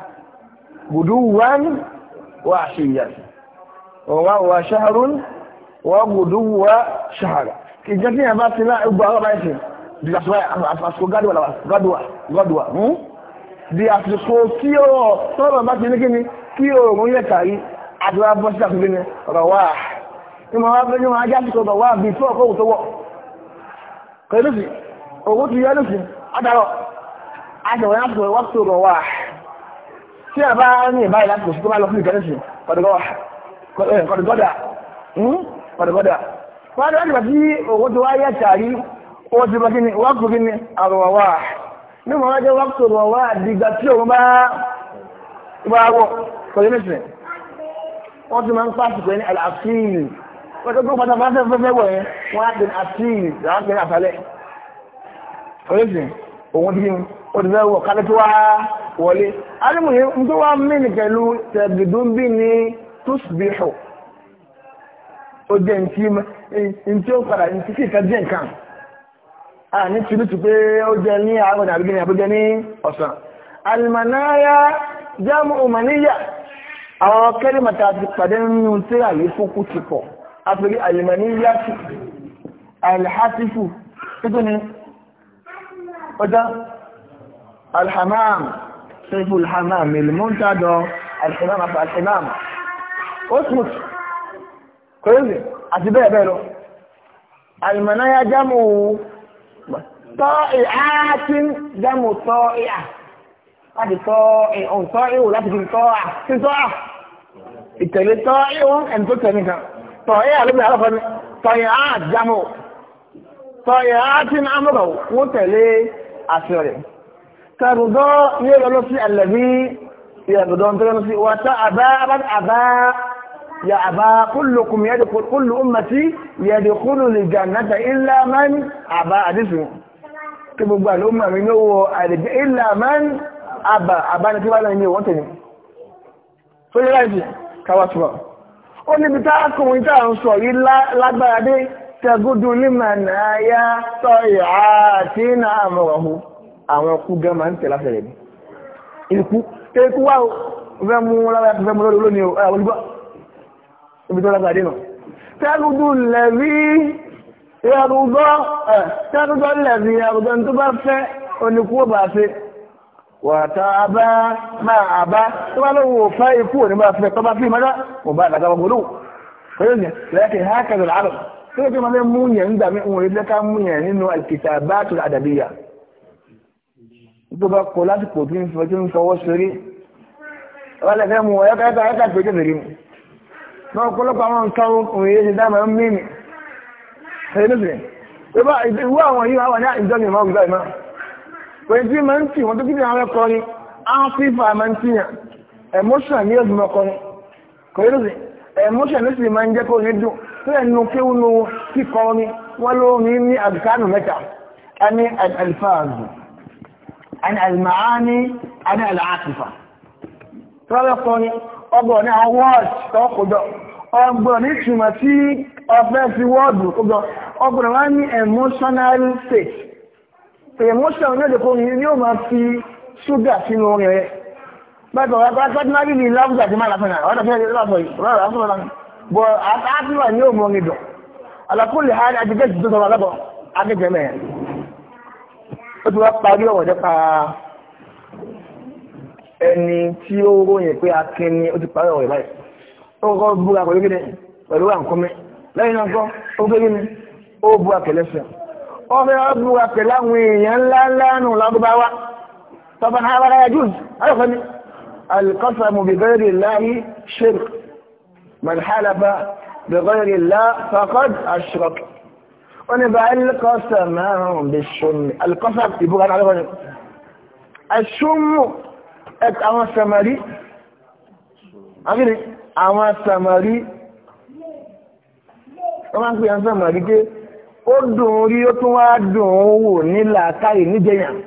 غدوا وعشيا وشهر وغدو شهر ìjẹ́kí ẹ̀bá ti lá ẹgbọ́ ọlọ́bà ẹ̀ṣẹ̀ di àsìkò gádùwà gádùwà gádùwà di àsìkò kí o sọ́rọ̀ bá ti ní kí ni kí o mú yẹ kàrí àdúrà bọ́ sí àkùnbí ni ọ̀rọ̀ wà ìmọ̀ wá bẹ́ níwọ̀n ajá sí ọ̀rọ̀ wà bí tí ọkọ̀ òwò tó wọ̀ kẹ́lùsì òwò ti yẹ́lùsì adàrọ̀ adàrọ̀ yá sọ̀rọ̀ wá sọ̀rọ̀ wà tí a bá ní ìbáyìí láti kò sí tó bá lọ fún ìgẹ́lẹ́sì kọ̀dùgọ́dà kọ̀dùgọ́dà eh, hmm? wọ́n láti bàtí owó tó wáyé tààrí owó tó bàtí ní wákò kí ní àrọ̀wà ní mọ̀ wájẹ́ wákò rọ̀wà dìgbà tí òun bá wọ́ kọ̀dùgọ́dà wọ́n ti máa ń pàṣẹ pé ní àlàáfíìlì wọ́n tó gbọ́ pátá bá fẹ́ fẹ́ wọ̀ yẹn wọ́n á pè ní àfíìlì láwọn òtùfẹ́ wọ̀ kálẹ̀ tó wá wọlé arímùyé ń tó wá mìnì pẹ̀lú tẹ̀bìdúnbí ní túsbíhù ó jẹ́ ntí ó padà ntí kí ìkẹ́ jẹ́ nǹkan a ní tìlútù pé ó jẹ́ ní àárọ̀ ní àbígbé ní àbújẹ́ ní ọ̀sán alìmọ̀náyà jámù òmàníyà àwọn kẹ́lìmọ̀tà ti pàdé nínú tí àlè fókù ti pọ̀ àpèrí alìmọ̀níyà alìhásífù títún ni ọjọ́ الحمام سيف الحمام المنتدى الحمام أفعى الحمام اسمك كل أتباع بيلو المنايا جمع طائعات جمع طائعة هذه طائع طائعة ولا تجي طائع في طائع التالي طائع أن تتنك طائعة لم يعرف طائعات جمع طائعات أمره وتالي أسرين tàrùdọ́ yóò lọ lọ sí àlẹ́bí ìyàbùdọ́ ń tẹ́lẹ́ lọ sí wàtá àbá àbá ya àbá kúlùkùn kúlù ummati yadkhulu lè jannata illa man àbá àdísù kí gbogbo àlúmà mi ní owó àdìgbé illa man àbá àbá ní kí wá lẹ́yìn ìwọ́n tẹ̀lé tó yẹ láìsí káwàtúwà àwọn kú gan máa ń tẹ̀ láti rẹ̀ ní ikú tẹ́kú wá o fẹ́ mú lára fẹ́ mú lórí olónìí o olùgbọ́ ibi tó lágbà dínà tẹ́rùdú lẹ̀rí ẹrùgbọ́ tẹ́rùdọ́ lẹ̀rí ẹrùgbọ́ tó bá fẹ́ oníkú ó bá fẹ́ wàtà abá máa bá tó bá lówó fẹ́ ikú ò ní bá fẹ́ tó tó bá kọ lásìkò tí ń fọ tí ń fọwọ́ ṣeré ọlọ́lẹ̀ fẹ́ mu ọ̀yá káyọ́ta ayọ́ta pé kékeré mu náà ọ̀pọ̀lọpọ̀ àwọn nǹkan òun yé ṣe dáàmà ń mímì ṣe lóṣèlú tó bá ìwú àwọn yìí wà ní ìjọba ìmọ̀ ọ̀gbà ìmọ̀ pẹ̀lú tí máa ń tì wọ́n tó kí ní àwọn ẹ̀kọ́ ni áfífà máa ń tìyàn emotion ní ọdún ọkọ ni kò yẹ́ lóṣèlú emotion ló sì máa ń jẹ́ kó ní dùn tó ẹnu kéwú nu kíkọ ni wọ́n ló ní ní àdùkánù mẹ́ta a ní àni àlìmáàní àni àlìáàtìfà tọ́lọ́pọ̀ ọgbọ̀ ní àwọn wọ́ọ̀dì tọ́kùjọ ọgbọ̀ ní túnmọ̀ sí ọfẹ́ sí wọ́ọ̀dù kójọ ọgbọ̀ wá ní emotional state emotion ní èdèkó ní yóò máa fi ṣúgà sínú orin rẹ̀ bẹ́ẹ̀ wọ́n bá tọ́jú náà níbi lábùjá ti máa láfẹ́ náà ọ̀dọ̀ fẹ́ẹ́ lọ́sọ̀ rọ̀rọ̀ àfẹ́ lọ́sọ̀ bọ̀ àtàkùn ó ti wá parí ọ̀rọ̀ nípa ẹni tí ó ròyìn pé akin ni ó ti parí ọ̀rọ̀ ìbáyìí ó kọ́ búra pẹ̀lú gíní pẹ̀lú àǹkọ́mí lẹ́yìn náà kọ́ ó gbé gíní ó búra pẹ̀lẹ́sẹ̀ ó fẹ́ búra pẹ̀lú àwọn èèyàn ńlá ńlá nù lárúbáwá tọba náà wá ráyà jùs alẹ́kọ́ ni alqasamu bi ghayri llahi shirk man halafa bi ghayri llah wọ́n ní bá alikọ́sà máa ń bẹ ṣomi alikọ́sà ìbúra náà lọ́wọ́ ni aṣọ́mù àwọn samari àwọn samari wọ́n máa ń pè àwọn samari pé ó dùn rí ó tún wá dùn wò nílà káyì níjẹyàn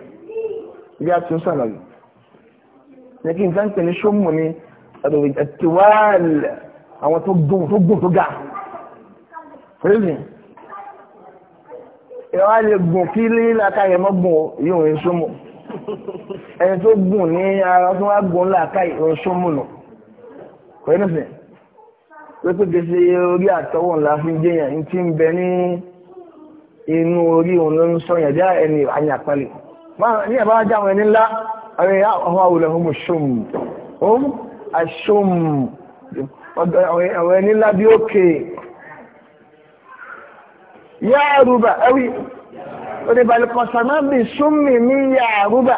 bí a tún samari ní kí n tán pè ní ṣọ́mù ni àtìwáàlì àwọn tó gùn tó gà ìwà lè gùn kí lílàkàyè mọ́ gùn yóò ń súnmù ẹni tó gùn ní ara tó wá gùn làkàyè ń súnmù nù kò ní sìn pépé kèsè orí àtọwọ́ ńlá fi jẹyàn ní ti ń bẹ ní inú orí òun ló ń sọyàn já ẹni àyàpẹlẹ ní ẹ̀bá ajá àwọn ẹni ńlá àwọn ẹ̀yà ọmọ àwòlẹ̀ ọmọ ṣòmù ọmọ àṣòmù àwọn ẹni ńlá bí ókè. Okay yá àrùbà ẹwí òdìbàlùkọ̀sánà bí súnmì ní yá àrùbà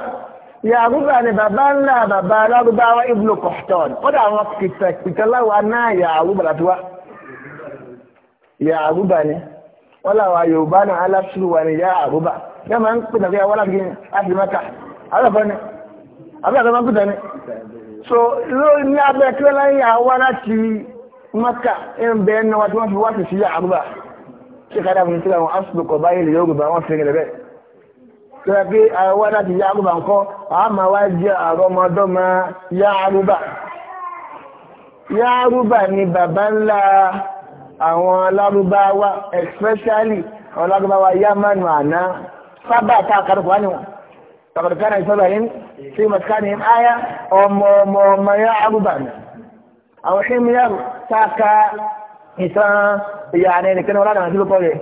yá àrùbà ni bàbá ńlá bàbá alárúbáwá ibùdó kọ̀tọ̀n ó dà wọn kìtàkìtàláwa náà yá àrùbà látúwá yá àrùbà ni wọ́n làwọn yorùbá náà aláṣùrù wà ní yá àrùbà yá máa ń pè nàkúyà wọ́n láti láti mẹ́ta àlọ́fẹ́ ni àbí àtọ́ máa ń pè tẹ́ni so ló ní abẹ́ kílẹ̀ láyé àwa láti mẹ́ta ẹ̀ ń bẹ́ẹ̀ náà wá tí wọ́n fi wá sí sí yá àrùbà ṣé kádà fún sí àwọn asùlùkọ báyìí lè yorùbá wọn fi rìn bẹ́ẹ̀ tó yẹ pé àwa láti yá arúgbà ńkọ́ àá máa wá jẹ́ àrọ́mọdọ́mọ yá arúgbà yá arúgbà ni bàbá ńlá àwọn alárúbáwá especially àwọn alárúbáwá yámánu àná sábà tá àkàrùkù wá níwọ̀n tàbàtàkàrà ìsọ́bàrin tí mọ̀tíkàní áyá ọmọ ọmọ ọmọ yá arúgbà àwọn ṣé mi yàrá ìsan ìyàrá ẹnikẹ́ni wọ́n láàrín àjílòpọ̀ rẹ̀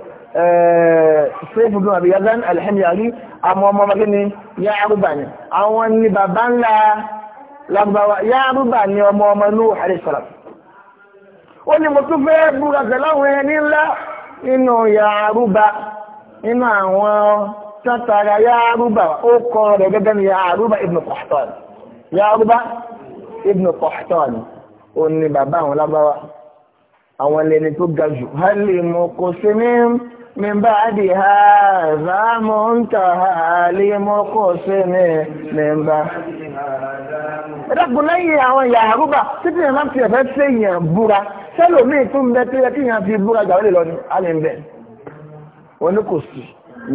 ṣéfù bí àbí yazan alhimiyari àmọ́ ọmọ ọmọdé ni yá arúbà ni àwọn ni bàbá ńlá lágbàwà yá arúbà ni ọmọ ọmọ inú àrísọ̀rọ̀ ó ní mo tún fẹ́ búra pẹ̀láwọn ẹni ní àwọn ẹlẹ́ni tó ga jù hálì mú kò sí ní mímbà àdì ha záàmù ń tà hálì mú kò sí ní mímbà. ẹ̀dàkùn lẹ́yìn àwọn ìyá àrúbà títí ìyá láti ẹ̀fẹ́ tí èèyàn búra sẹ́lòmíì tún bẹ tí yẹ kí èèyàn fi búra jà ó lọ ní hálì ń bẹ wọn ní kò sí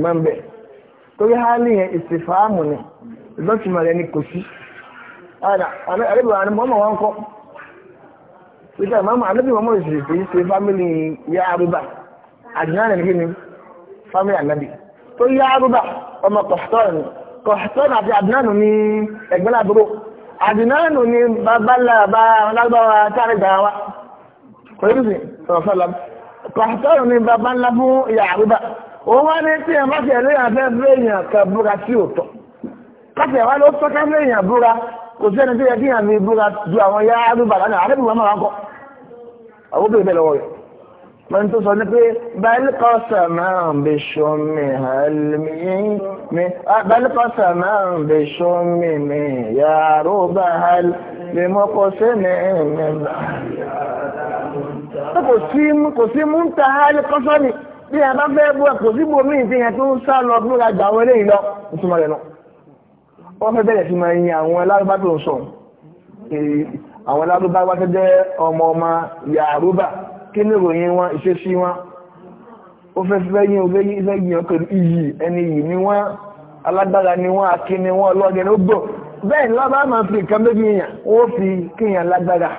máa ń bẹ torí hálì yẹn ìsìfàámù ni ìgbọ́n ti ní kò sí. àdàbọ̀ àwọn ọmọ wọn kọ́ pẹ̀lú àmàmà anábì mọ́mọ́ ìṣẹ̀lẹ̀ kìí ṣe fámìlì yá arúgbà àdìyàn nìkí ni fámìlì ànábì tó yá arúgbà ọmọ kọ̀ọ̀tọ́n kọ̀ọ̀tọ́n àti àdìyàn ní ẹ̀gbọ́n àbúrò àdìyàn ní babaláwa alágbára táàrí gbà wá pẹ̀lú sí sọ̀rọ̀sọ̀lá kọ̀ọ̀tọ́n ní babalá fún yá arúgbà òun wá ní tí ẹ̀ má ti ẹ̀lẹ́yìn afẹ́ fẹ́yìn kàbúra sí òtọ̀ káfíà wá ló tọ́ká fẹ́yìn àbúra kò sí ẹni tó yẹ kí àmì ìbúra ju àwọn yá arúgbà lánàá àdébùwọ́n máa ń kọ́ àwọn obìnrin bẹ́ẹ̀ lọ́wọ́ rẹ̀ wọ́n tó sọ ní pé bálíkọ́sà máa ń bè ṣomi halmi bálíkọ́sà máa ń bè ṣomi mi yàrá bá halmi mọ́kọ́ sí mi mi bá kò sí mú ń ta hálíkọ́sọ́ ni bí a bá fẹ́ bú ẹ kò sí bomi ìdíyẹn tó ń sá lọ bí ra wọ́n fẹ́ bẹ̀rẹ̀ sí máa yin àwọn alágbá tó ń sọ àwọn lárúbáwá tó jẹ́ ọmọ ọmọ yàrúbà kí ní ìròyìn wọn ìṣesí wọn ó fẹ́ fẹ́ yín òfé yín fẹ́ yín ọkọ̀ iyì ẹni yìí ni wọ́n alágbára ni wọ́n akí ni wọ́n ọlọ́gẹ̀ ló gbọ́ bẹ́ẹ̀ ni lọ́ba máa fi nǹkan méjì yàn wọ́n fi kéèyàn lágbára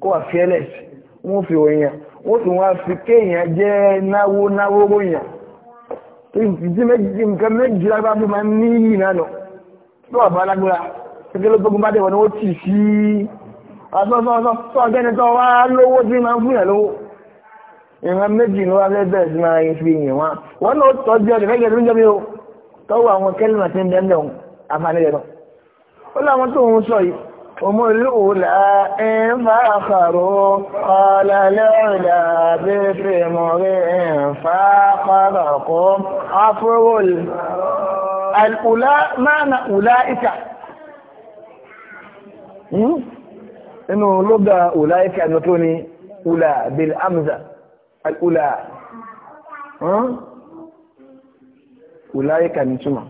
kó wà fearless wọ́n fi òyìn wọ́n sì wọ́n fi kéèyàn jẹ́ náwó náwó ròyìn nǹkan méjì lágbára fi máa ní yìí náà nù tó wà fún alágbára kékeré gbogbo bá dẹ̀ wọ́n ni wọ́n tì sí ọ̀sọ̀sọ̀sọ̀ tó ọ̀gẹ́ni tó wá lówó tí máa ń fún yàn lówó ìran méjì ló wá lẹ́bẹ̀ sí máa yin fi yìn wá wọn náà tọ́jú ọdún fẹ́gẹ̀ tó ń jẹ́bi o tọ́wọ́ àwọn kẹ́lìmà tí ń bẹ́ẹ̀ lẹ́hùn àfààní rẹ̀ lọ. ó láwọn tó ń sọ yìí òmò ìlú òòlà ń nínú lọ́gà ọ̀láìkà ní tó ní ọ̀là bil amza ọ̀là ọ̀láìkà ní túmọ̀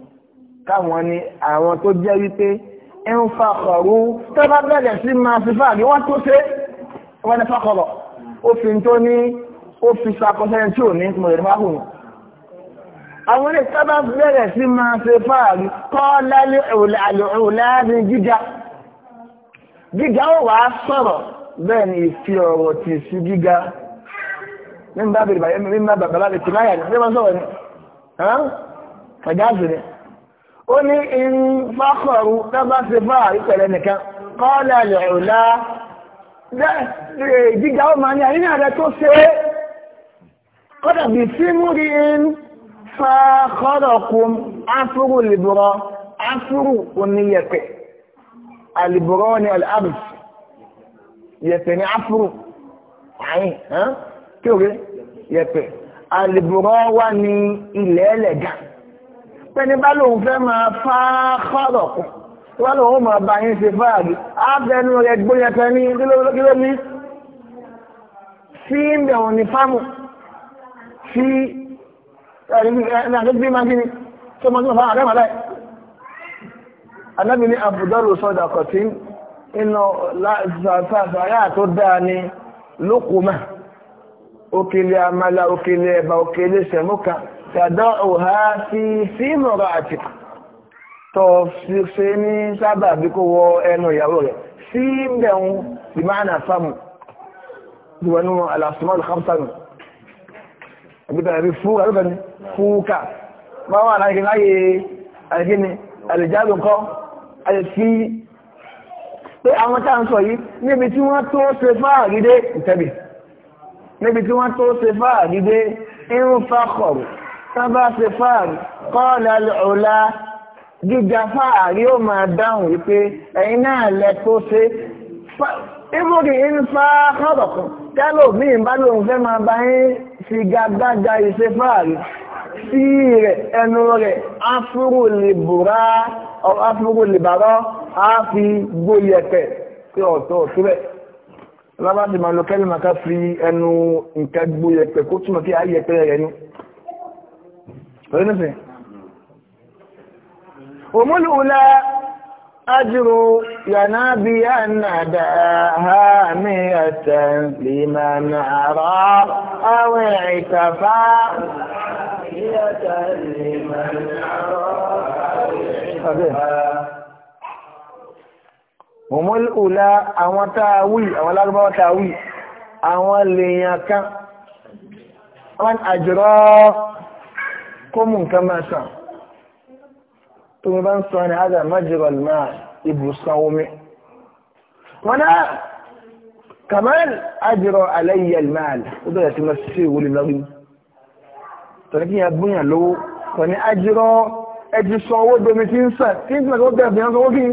káwọn ni àwọn tó jẹ́ wípé ń fa ọ̀rú tó bá bẹ̀rẹ̀ sí máa fi fáàrí wọ́n tó ṣe wọ́n ní fákọ̀rọ̀ ó fi tó ní ó fi sakọ́sẹ́ni tí ò ní mo lè fákùnù àwọn ilé sábà bẹ̀rẹ̀ sí máa ṣe fáàrí kọ́ lálẹ́ jíjà gíga ó wàá sọ̀rọ̀ bẹ́ẹ̀ ni ìfi ọ̀rọ̀ tì sí gíga nígbà bèrè bàyẹ̀ mi nígbà bàbá mi tì láyà ní ṣé wọ́n sọ̀rọ̀ ni fàjáàzì ni ó ní in fákọ̀rù tábà ṣe fà ìpẹ̀lẹ̀ nìkan kọ́lá lẹ̀ọ́lá gíga ó máa ní àyínà rẹ tó ṣe é kọ́dà bí símúrí in fákọ̀rọ̀kùn áfúrú lìbùrọ̀ áfúrú oníyẹ̀pẹ̀ alìbọ̀rọ́ni alìábùs yẹ̀pẹ̀ ní áfúrù àyìn kí òwe yẹ̀pẹ̀ alìbọ̀rọ̀ wà ní ilẹ̀ ẹlẹ́gà pẹ́ni bá lòun fẹ́ máa fá kọ́rọ̀ kù tí wọ́n lòun máa bá yín ṣe fáàrí ábẹ́nu rẹ̀ gbóyẹ̀pẹ̀ ní kílómi sí anábì ní àbùdọ́rù sọ́dà kọ̀tí iná láàáfàáyà tó dáa ní lókùmá òkèlè àmàlà òkèlè ẹ̀bà òkèlè sẹ̀múkà tàdá òhá sí símọ̀rọ̀ àti tọ́ ṣe ní sábà bí kó wọ ẹnu ìyàwó rẹ̀ sí bẹ̀rún ìmáàna fámù ìwọ̀nú alàsùmọ́lù hamsanu àbíbẹ̀rẹ̀ fúkà báwọn aláìkíláyè àìkíni àlìjáde nǹkan àyẹ̀fí pé àwọn tá à ń sọ yìí níbi tí wọ́n tó ṣe fáàrí dé ìtẹ́bì níbi tí wọ́n tó ṣe fáàrí dé irun fákọ̀rù tán bá ṣe fáàrí kọ́ọ̀lá ọ̀la gíga fáàrí ó máa dáhùn wípé ẹ̀yin náà lẹ tó ṣe ibùdí ń fa kọ́bọ̀kan tẹ́lò míì bá lóun fẹ́ máa bá yín fi gagbága ìṣe fáàrí ìṣesí rẹ̀ ẹnu rẹ̀ áfúrò lè bùrá áfúrò lè bàrọ́ á fi gbóyẹ̀pẹ̀ tí ọ̀tọ̀ síbẹ̀ lábàdì máa lọ kẹ́lì máa ká fi ẹnu nǹkan gbóyẹ̀pẹ̀ kó túnmọ̀ kí ayẹ̀pẹ̀ rẹ̀ ní ọ̀rẹ́nìfẹ̀ òmúlùú أجر أن أنداها مية لمن عرار أو عتفا مية لمن عرار أو هم الأولى أو تاوي أو الأربعة تاوي أو اللي يكا أن أجرى كم كما شاء tó mi bá ń sọ ní ádà májèlú máa ah, ibùsùn omi wọn náà kàmáàlì ájìrọ aláyé máàlì ó bẹ̀rẹ̀ sí máa ṣe ìwúlẹ̀ lọ́rí tọ́ni kí yẹn búyàn lówó tọ́ni ájìrọ ẹjì sọ owó domi tí ń sàn tí ń sàn tó bẹ̀rẹ̀ bìyàn sọ́wọ́ kí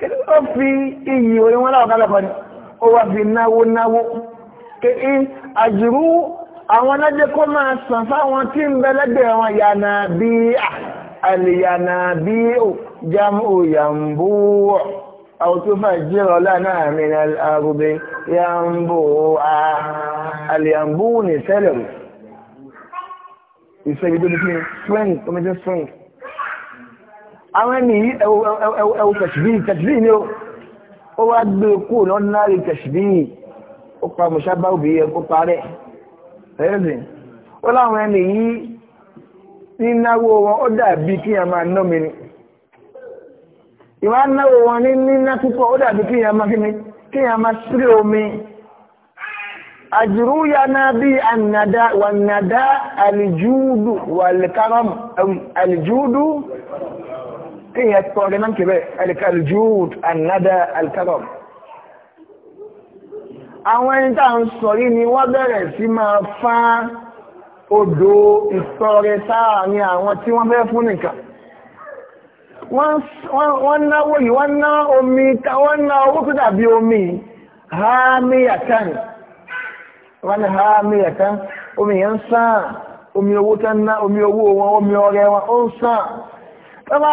kí ó fi iyì orí wọn láwọ̀ kálẹ̀ kàn ní ó wá fi náwó náwó kí ájìrú àwọn lọ́jẹ́ kó máa sàn fáwọn tí ń bẹ lẹ́gbẹ̀ẹ́ wọn yànà bí àlìyànà bí jamu yàmbú àwọn tó fà jírọ lánàá mi ní arúgbé yàmbú àlìyàmbú ní sẹ́lẹ̀ ìṣẹ́gi tó ní fi strength community strength àwọn ẹni ẹwù kẹsìbí kẹsìbí ni ẹ̀ẹ́sìn ó láwọn ẹni yìí nínáwó wọn ó dàbí kí a máa nọ́mi ni ìwà náwó wọn ní níná púpọ̀ ó dàbí kí a máa kí ni kí a máa sírí omi àjùrú ya náà bí ànàdá wà nàdá àlìjúúdù wà lẹ́kàrọ̀m àlìjúúdù kí a tọrẹ náà kẹrẹ àlìjúúdù ànàdá àlìkàrọ̀m àwọn ẹni tá ń sọ yìí ni wọ́n bẹ̀rẹ̀ sí máa fán odò ìtọrẹ sáà ní àwọn tí wọ́n fẹ́ fún nìkan wọ́n náwó yìí wọ́n ná omi wọ́n ná owó tó dàbí omi hàmíyàtán omi yẹn ń omi owó tán ná omi owó wọn omi ọrẹ wọn ó ń sàn tó bá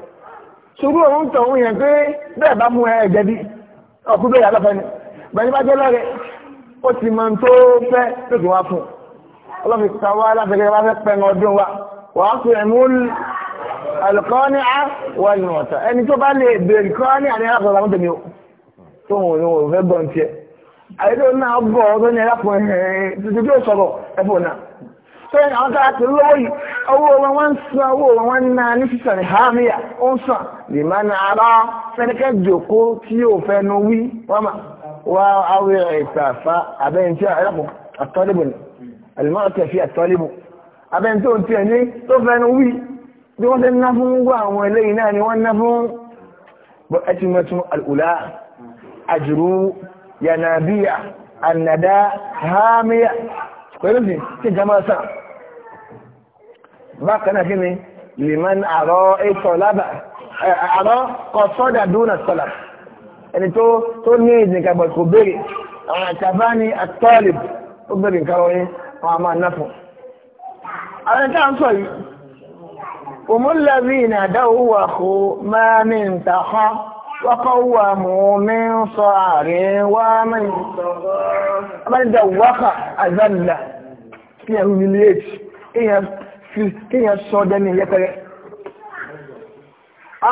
ṣùgbọ́n òun tọ̀ òun yẹn pé bẹ́ẹ̀ bá mú ẹ jẹ̀bi ọkú bẹ́ẹ̀ alọ́fẹ́ ni bẹ́ẹ̀ bá jẹ́ lọ́rẹ̀ ó ti mọ tó fẹ́ tó ti wá fún ọlọ́fi ta wá láfẹ́gẹ́ wá fẹ́ pẹ́ ọdún wa wà á fi ẹ̀mú alùkọ́ni á wà ní ọ̀tá ẹni tó bá lè bèrè kọ́ni àní aláfẹ́ ọ̀la mọ́tò mi ó tó wọn ò fẹ́ bọ̀ tiẹ̀ àyẹ̀dọ̀ náà bọ̀ ọdún sẹ́yìn àwọn tá a ti lówó yìí owó wọn wọ́n ń san owó wọn wọ́n ń na ní sísan ní hàmíyà ó ń sàn lè má na ara fẹ́nikẹ́ jòkó tí yóò fẹ́ nu wí wọ́n mà wá awé ìsàfà abẹ́yìn tí a ni àlùmọ́ àtẹ̀fí àtọ́lébù abẹ́yìn tó ń tiẹ̀ ní tó fẹ́ nu wí bí wọ́n ti ná fún gbọ́ àwọn eléyìí náà ni wọ́n ná fún ẹtì mẹ́tún àlùlá àjùrú yànnàbíyà ànàdá hàmíyà pẹ̀lú sí ti sáà bákan náà kí ni lèman àrọ́ ètò lábà àrọ́ kọ sọ́dà dúnà sọ́là ẹni tó tó ní ìdìkan bọ̀ kò béèrè àwọn àtàbá ni àtọ́ọ̀lì ó béèrè nǹkan lọ yín wọn a máa ná fún. àwọn ẹ̀ka ń sọ yìí òmùlẹ́bí ní àdáwò wà kó máa ní ìtàkùn. وقوى مؤمن صار ومن من دوخ أذلة يهمليت إيه fi kéèyàn sọ dẹni yẹpẹrẹ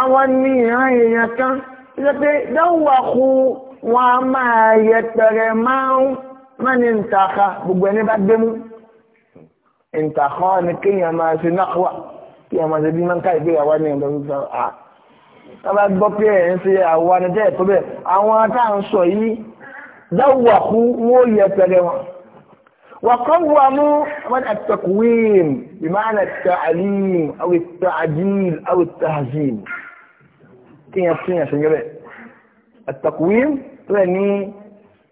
àwọn ní ìran èèyàn kan ṣe pé dáwà kú wọn a máa yẹpẹrẹ márùn mẹ́ni ntàkà gbogbo ẹni bá gbé mú ntàkà ni kéèyàn máa ṣe náà wà kí ọmọ ṣe bí máa ń ká ìgbé àwa ní ọ̀dọ̀ ń sọ à tábà gbọ́ pé ẹ̀ ni وقوموا التقويم بمعنى التعليم أو التعديل أو التهذيب كين يفصين يا شنجبة التقويم يعني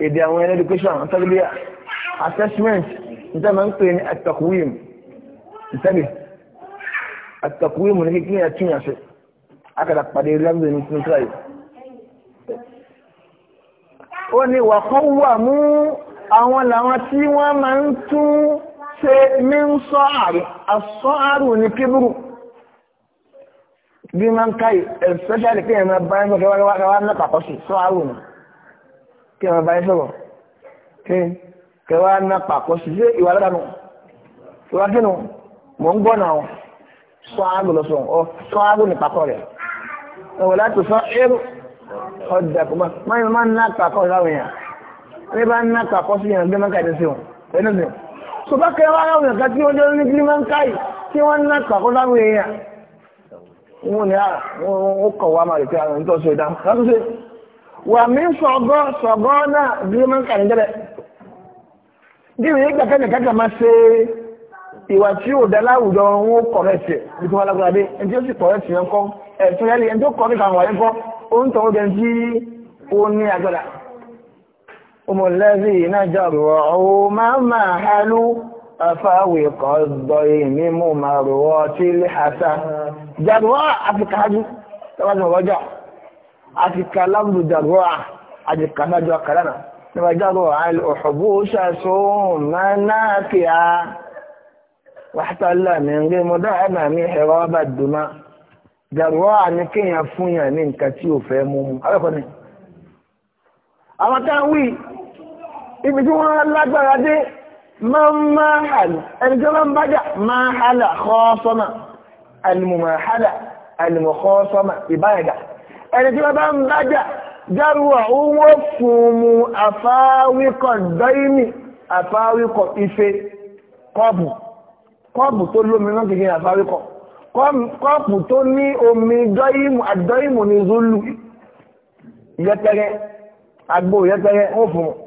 إذا وين education تربية assessment أنت ما نقول التقويم انتبه التقويم اللي كين يفصين يا شيء أكيد أقدر لهم ذي نسمع وني وقوموا àwọn làwọn tí wọ́n máa ń tún ṣe mí ń sọ àrù àsọ àrù ní kíbùrù bí máa ń káyì especially kí ẹ̀mọ bá ń sọ kẹwàá náà pàpọ̀ sí sọ àrù nù kí ẹ̀mọ bá ń sọ̀rọ̀ kí kẹwàá náà pàpọ̀ sí ṣé ìwà lọ́dà nù ìwà kí nù mò ń gbọ́ nà ní bá ń ná kàkọ́ sí ìyàn gbé mọ́kà ìdẹ́sí wọn ẹnu mi so bá kẹ́ wá láwọn ìyàn tí wọ́n jẹ́ ní bí máa ń káyì tí wọ́n ná kàkọ́ láwọn èèyàn wọn ni ó kọ̀ wá máa lè fi àwọn ìtọ́sọ ìdá látúnṣe wà mí sọ̀gọ́ sọ̀gọ́ náà bí máa ń kà ní jẹ́rẹ̀ bí mi ṣe ìwà tí ò dá láwùjọ wọn ó kọ̀rẹ́tì bí tí wọ́n lágbára dé هم الذين جرعوا ما محلوا أفاوق الضيم ممروات الحسن جرعا أفك هذه توانا وجع أفك لفظ جرعا أفك نجوى كلنا وجرع الأحبوش سوما نافعا واحتل من غمدان محراب الدماء جرعا نكي يفوني من كتيو فيموم أفكني أما تنوي ibi tí wọ́n lágbára dé máa ń máa hàlù ẹni tí wọ́n bá jà máa hàlà kọ́ sọ́mà àlùmọ̀ hàlà àlùmọ̀ kọ́ sọ́mà ìbáyàgà ẹni tí wọ́n bá ń bá jà járuwà owó fún mu àfáwíkọ̀ dọ́ìmì àfáwíkọ̀ ife kọ́ọ̀bù kọ́ọ̀bù tó lómi náà kìí àfáwíkọ̀ kọ́ọ̀bù tó ní omi dọ́ìmù àdọ́ìmù ní zulu yẹtẹrẹ agbó yẹtẹrẹ ó fún un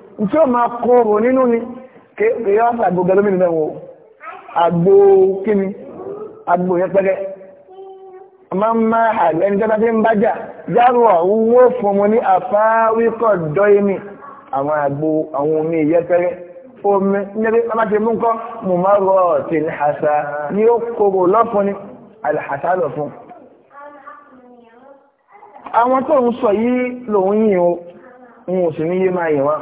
tí ó máa kọrò nínú ni kí yọ́ àgbò gẹlómìnì mẹ́wọ̀n àgbò kíni àgbò yẹn pẹ́rẹ́ ọmọ máa àgbẹ̀ ẹni tẹ́lá fi ń bá jà járò àwúwó fún ọmọ ní àfáwíkọ̀ dọ́yìnì àwọn àgbò àwọn omi ìyẹ́pẹ́rẹ́ omi níbi amáṣe mú kọ́ mò máa rọ ọ̀tí àṣà ni ó kòrò lọ́fún ni àṣà lọ fún àwọn tó ń sọ yìí lòun yìí o òun ò sì ní yé máa yìn wọn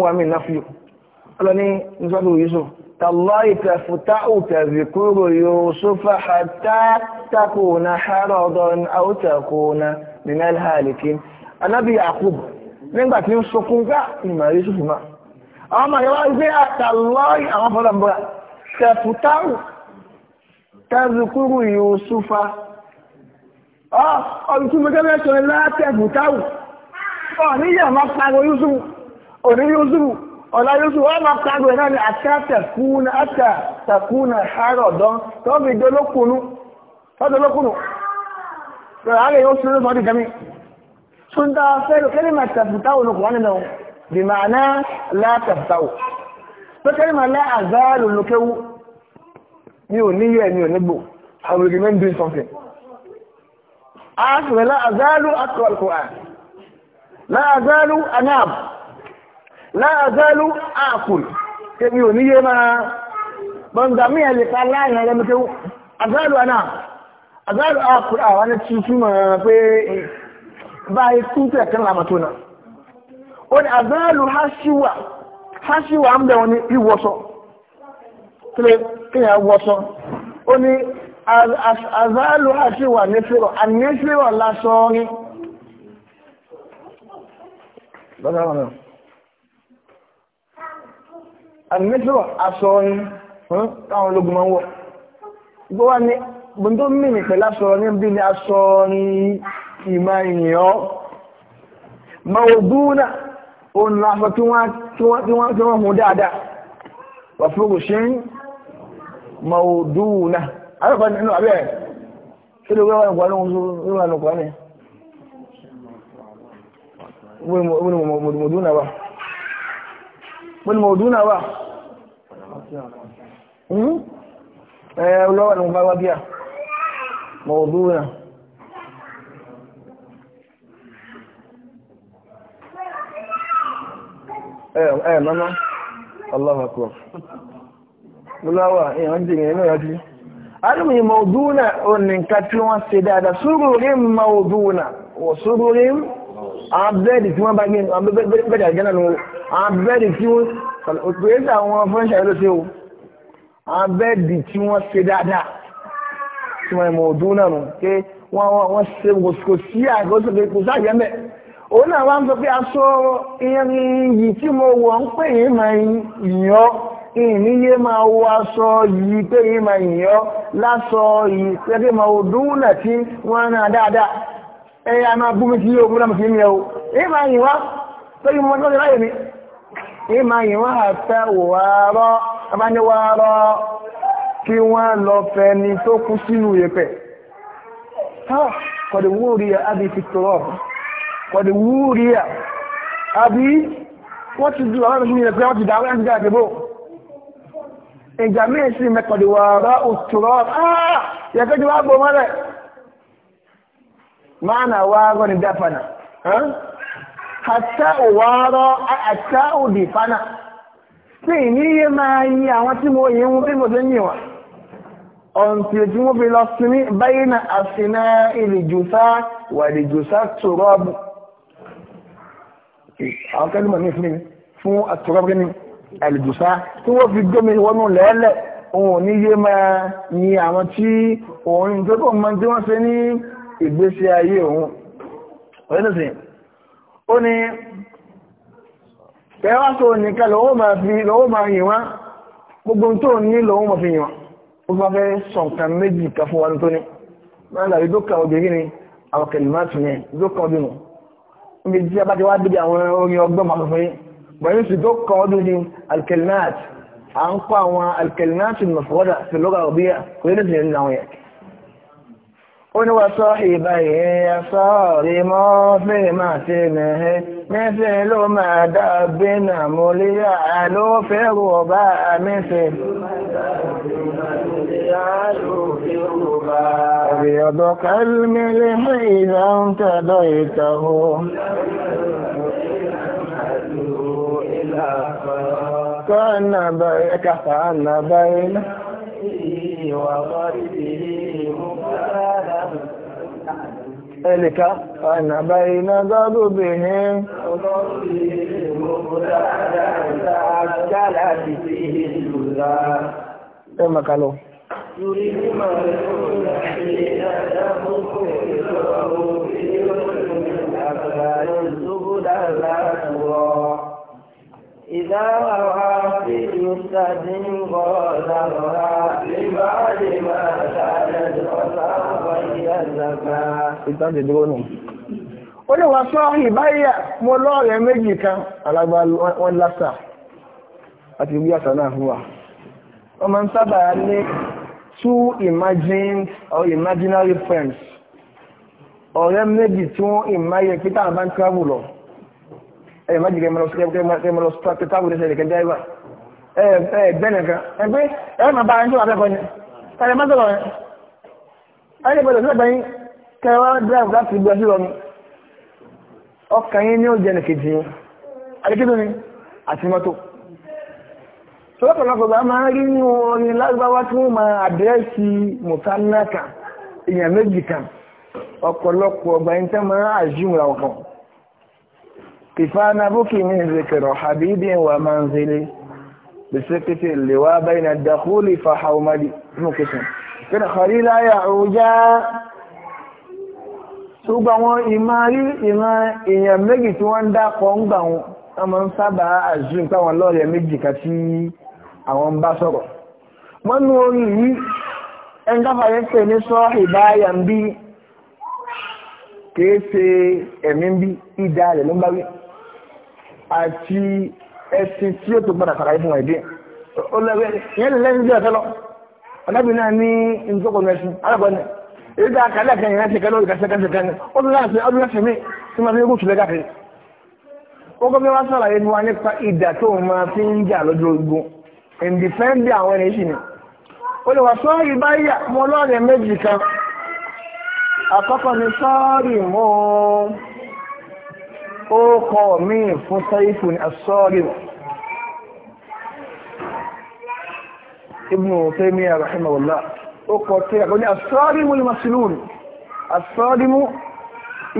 wà mí náfíù ọlọ́ni nísọ́tò Yusuf tàlọ́ì tẹ̀fùtà òtẹ̀zìkúrò Yusufa hatta takuna haradan aw takuna minal halikin anábì Yaqub nígbà tí ń sọkún gá ìmọ̀ Yusuf ma àwọn ọmọ yẹn wá gbé àtàlọ́ì àwọn fọlọ́ mbọ́ra tẹ̀fùtà òtẹ̀zìkúrò Yusufa ah, ọ̀ ọ̀dùnkú mẹ́tẹ́mẹ́sọ̀rọ̀ látẹ̀fùtà ò ní yẹ̀ máa pariwo Yusuf Oni yóò ọ̀la yóò sùn wọ́n máa kágbó náà ni àtàtàkùnà àtàtàkùnà àárọ̀ dán tó fi dolókùnú tọ́jú olókùnú rẹ̀ àárẹ̀ yóò sùn lọ́sọ̀ọ́ di gami sunda fẹ́rù kẹ́lìmà tàbùtáwò ní kùwánì náà bí máa ná látàbùtáwò pé kẹ́lìmà láàzáàlù lókèwú mi ò ní yẹ I will remain doing something. a sùn láàzáàlù akọ̀ La azalu anab láàzálú àkùl tẹ́bí ò níye máa bọ̀ǹgàmí ẹ̀lẹ́ta láàrin ẹ̀rẹ́ mi tẹ́wọ́ àzálù àná àzálù àkùl àwọn ẹni tuntun mọ̀ pé báyìí tún tẹ̀ kan lámà tó náà ó ní àzálù háṣíwà háṣíwà ń bẹ̀ wọn ní ìwọ̀sọ̀ kílẹ̀ kíyàn wọ̀sọ̀ ó àmìsírọ̀ aṣọ ọrin táwọn ológun máa ń wọ̀ gbọ́ wá ní gbọ́ndó mìíní pẹ̀lú aṣọ ọrin bí ní aṣọ ọrin ìmọ̀ ìyìn ọ́ mọ̀ọ́dúnà òun lọ aṣọ tí wọ́n hun dáadáa wà fúrúkù ṣe ń mọ̀ọ́dúnà àbẹ́kọ̀ nínú àbẹ́ kí ló wẹ́wà nǹkan lóhun lóhun pẹ̀lú mọ̀ọ̀dún náà wà ọlọ́wà hmm? ní gbáwá bíà mọ̀ọ̀dún náà ẹ̀ mọ́mọ́ ọlọ́wàkọ̀ ọlọ́wà èèyàn jẹ́ ìrìn náà rí alùmí mọ̀ọ̀dún náà ò ní nǹkan tí wọ́n ṣe dáadáa sùúrùrín mọ̀ọ̀dún náà wọ̀ sùúrùrín àwọn bẹ́ẹ̀dì tí wọ́n bá gbé àwọn bẹ́ẹ̀dì tí wọ́n òpèrèsì àwọn fẹ́ńṣà ló ṣe o àwọn tí wọ́n ṣe dáadáa tí wọ́n mọ̀ ọdún náà nù pé wọ́n wọ́n ṣe kò sí àgọ́sọ̀kẹ́ kò sáàyẹ́ mẹ́ òun náà wá ń sọ pé aṣọ irin yìí tí mo wọ̀ ń pè yín máa yàn ìníyé máa wọ aṣọ yìí pé yín máa yàn láṣọ yìí pé kí ọdún náà tí wọ́n rán dáadáa ẹ̀yà máa bú mi sí yóò mi sí mi ẹ̀ o èyí máa yìn wá pé yín mo mọ́ ìmá yìí wọ́n àfẹ́ wàárọ́ abáníwàárọ́ kí wọ́n lọ fẹ́ ni tó kú sínú yẹ̀pẹ̀ kọ̀dẹ̀wúríà àbí fìtọ́rọ̀ kọ̀dẹ̀wúríà àbí wọ́n ti dúró àwọn ìrìnlẹ̀ pé wọ́n ti dáwọ́ ẹ̀sìn àgbébò ìjàmí sí mẹ́kọ̀dẹ̀wàárọ́ òtùrọ̀ yẹ̀pẹ́ ti wá gbọ́ mọ́lẹ̀ máa nà wá gọ́ni dáfànà àtà òwárọ̀ àtà òdì fánà tí ìníye máa yí àwọn tí mo yí wọn bí mo ti ń yí wọn ọ̀ntì tí wọ́n fi lọ sí ní báyìí na àsìná ìrìjùsá wà ìrìjùsá tòrọ́bù àwọn kẹ́lùmọ̀ ní ìfún mi fún àtòrọ́bù ní ìrìjùsá tí wọ́n fi gómi wọnú lẹ́lẹ̀ òun ní yé máa yí àwọn tí òun tó kọ̀ mọ́ tí wọ́n ṣe ní ìgbésí ayé òun ó ní pẹ̀wá tó nìkan lọ́wọ́ máa fi lọ́wọ́ máa yìn wá gbogbo tó ní lọ́wọ́ máa fi yìn wá ó bá fẹ́ sọ̀kan méjì kan fún wa tó ní máa làbí dókà obìnrin ni àwọn kẹlìmáàtì yẹn dókà obìnrin níbi tí a bá ti wá débi àwọn orin ọgbọ́n máa fún yín bẹ̀rẹ̀ sí dókà ọdún ní alkẹlìmáàtì ولوصاحبيه صارما في معتنه مثل ما دبنا مليعل في الرباء مثل أبيض كالملح إذا امتديته كان بينك كان بينك موته وغيره مبتلا ذلك فإن بين ذنوبهم مبتلا تعجل به الجزاء ثم قالوا يريد من يكون حين تمكن له في الأبدان سبلا لا ترى إذا رأى في جثة قال رأى لبعد ما سالت وصار الزكاة. ìtàjẹ̀ dúró ó ní wọ́n sọ ìbáyà mo lọ́ọ̀rẹ̀ méjì kan alágbà wọn lásà àti bí àṣà náà fún wa. wọ́n máa ń sábà ní two imagined or imaginary friends ọ̀rẹ́ méjì tí wọ́n ìmáyẹ̀ pé táwọn bá ń travel lọ ẹ má jìgẹ mọlọ kẹ mọlọ sọ táwọn ẹsẹ rẹ kẹjá ẹwà ẹ ẹ bẹ nìkan ẹ pé ẹ má bá ẹni tó wà fẹkọọ yẹn ẹ má sọ̀rọ̀ yẹn ẹ lè bẹ̀rẹ̀ sọgbà yín kẹ wá drive láti gbé sí lọnà ọkàn yín ní ó jẹ nìkejì yín adékèdè ni àti mọ́tò sọlọpọlọpọ bá máa rí ní orin lágbáwá tí wọ́n máa àdírẹ́sì mùtánákà èèyàn méjì kan ọ̀pọ̀lọpọ̀ ọgbà yín tẹ́ máa àjùmọ̀ àwọn kan. كفانا بك من ذكر حبيبي ومنزلي بسكت اللواء بين الدخول فحوملي مكسن كده خليلا يا عوجا ṣùgbọ́n wọn ìmá rí ìmá èèyàn méjì tí wọ́n ń dápọ̀ ń gbà wọn wọ́n máa ń sábà àjú nípa àwọn lọ́ọ̀rẹ́ méjì ká tí àwọn ń bá sọ̀rọ̀ wọ́n ní orin yìí ẹni dáfàyẹ́ ń pè ní sọ́ ìbáyà ń bí kìí ṣe ẹ̀mí ń bí ìdá rẹ̀ ló ń bá wí àti ẹ̀sìn tí ó tó gbọ́dọ̀ sàlàyé fún ẹ̀dín ó lẹ́gbẹ́ ìyẹn lè lẹ́yìn bí ọ̀sẹ̀ lọ ọ̀nàbí náà ní ìdókòwò ẹ̀sìn alákọ̀ọ́nì èyí tá a kàlẹ́ kan ìrántí kan lórí kẹsẹ̀ kẹsẹ̀ kan ó tún láti ọdún lẹ́sẹ̀ mi tí wọ́n fi ń gúúsù lẹ́gà kiri ó gbé wá sàlàyé fún wa nípa ìdà tó máa fi ń jà lójú ogun ìdìfẹ́ǹdì àwọn ẹni sì ni ó lè wà sọ́ọ̀rì báyà mọ́ lọ́ọ̀rẹ̀ méjì kan àkọ́kọ́ ni sọ́ọ̀rì mọ́ ọ́n ó kọ míì fún Saifu ní asọ́rin ibùn rahimahullah ó kọ tí a kọ ní asọ́rin mú ní masilun asọ́rin mú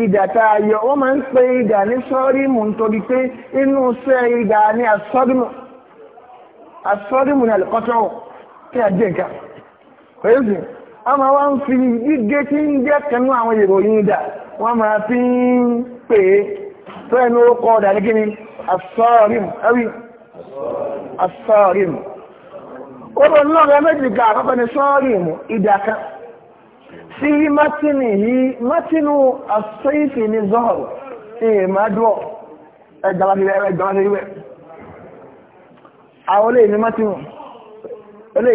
ìdà ma yọ wọ́n máa ń pè ìdà ní sọ́rin mú nítorí pé inú sẹ́ ìdà ní mú mú ní alìkọ́tọ́ tí a jẹ́ nǹkan kòyẹ́sì a máa wá ń fi gígé tí ń jẹ́ àwọn ìròyìn fi ń pè tó ẹnu orúkọ ọ̀dà ní gíní asọ́ọ̀rìm ẹwì O orúkọ náà méjì ga àkọ́kọ́ ni sọ́ọ̀rìm ìdàkan sí mátínì yìí mátínú asọ́ìfì ní zọ́ọ̀rù ìmádùọ̀ ẹgbàmásíwẹ̀ àwọn olè ní mátínú olè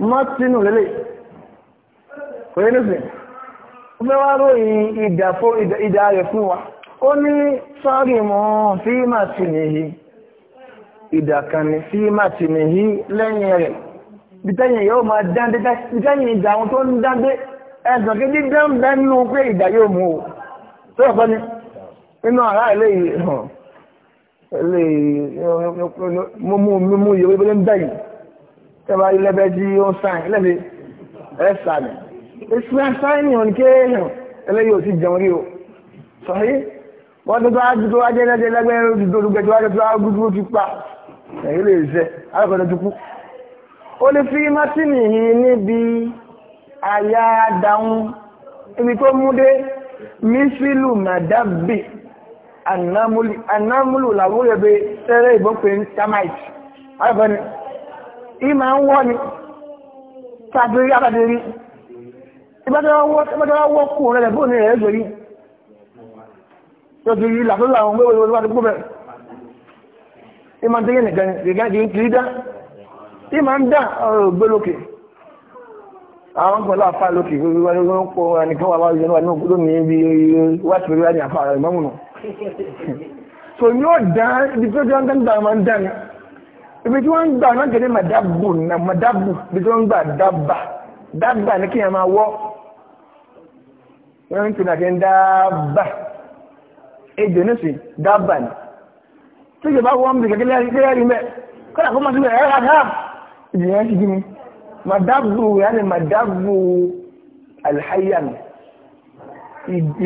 wá fún wa ó ní sọ́rì mọ́ fí máa ti nìyí ìdàkànnì fí máa ti nìyí lẹ́yìn rẹ̀ bítẹ́yìn yóò máa dáńdé bítẹ́yìn ìjà àwọn tó ń dáńdé ẹ̀sàn kí dídán bẹ́nu pé ìjà yóò mú o tó ọ̀pọ̀ ni nínú àrá ilé ìhàn ilé mímú mímú yìí wípé ń bẹ̀yìn tẹ́wà ilẹ̀bẹ̀ tí ó ń sáìn ilẹ̀bẹ̀ ẹ̀ sáìn ìsúná sáìn ní òní wọ́n tó tó ájú tó wájẹ́ ti tó tó tó ti pa ẹ̀yìn lè ṣẹ́ alákọ̀ọ́dọ̀ kú ó lè fi yìí níbi àyà dáhùn ibi tó mísílù màdábì anámúlù tamite ń wọ́ ni tàbí rẹ̀ tó ti rí làtọ́ làwọn gbé wọlé wọlé gbọ́ bẹ̀rẹ̀ tí ma ń tẹ́yẹ nìkan nìkan kì í kiri dá tí ma ń dá ọ̀rọ̀ gbé lókè àwọn pẹ̀lú àfa lókè wọlé wọn pọ̀ nìkan wà wáyé wà ní lónìí ibi wá sí orí wáyé àfa rẹ̀ mọ́mù nù. tò ní ó dá ibi tó ti wọ́n ń gbà máa ń dá ni ibi tí wọ́n ń gbà náà kẹ́lẹ́ màdábù nà màdábù ibi tí wọ́n ń gbà dábà dábà ní kí ejò ní sí dábà ní tí ìjọba wọ́n bí gẹ́gẹ́ lẹ́rí mẹ́ kọ́lá kó máa ẹ̀rọ àdá ìjìyàn ti gíní madabu yàní madabu alhayan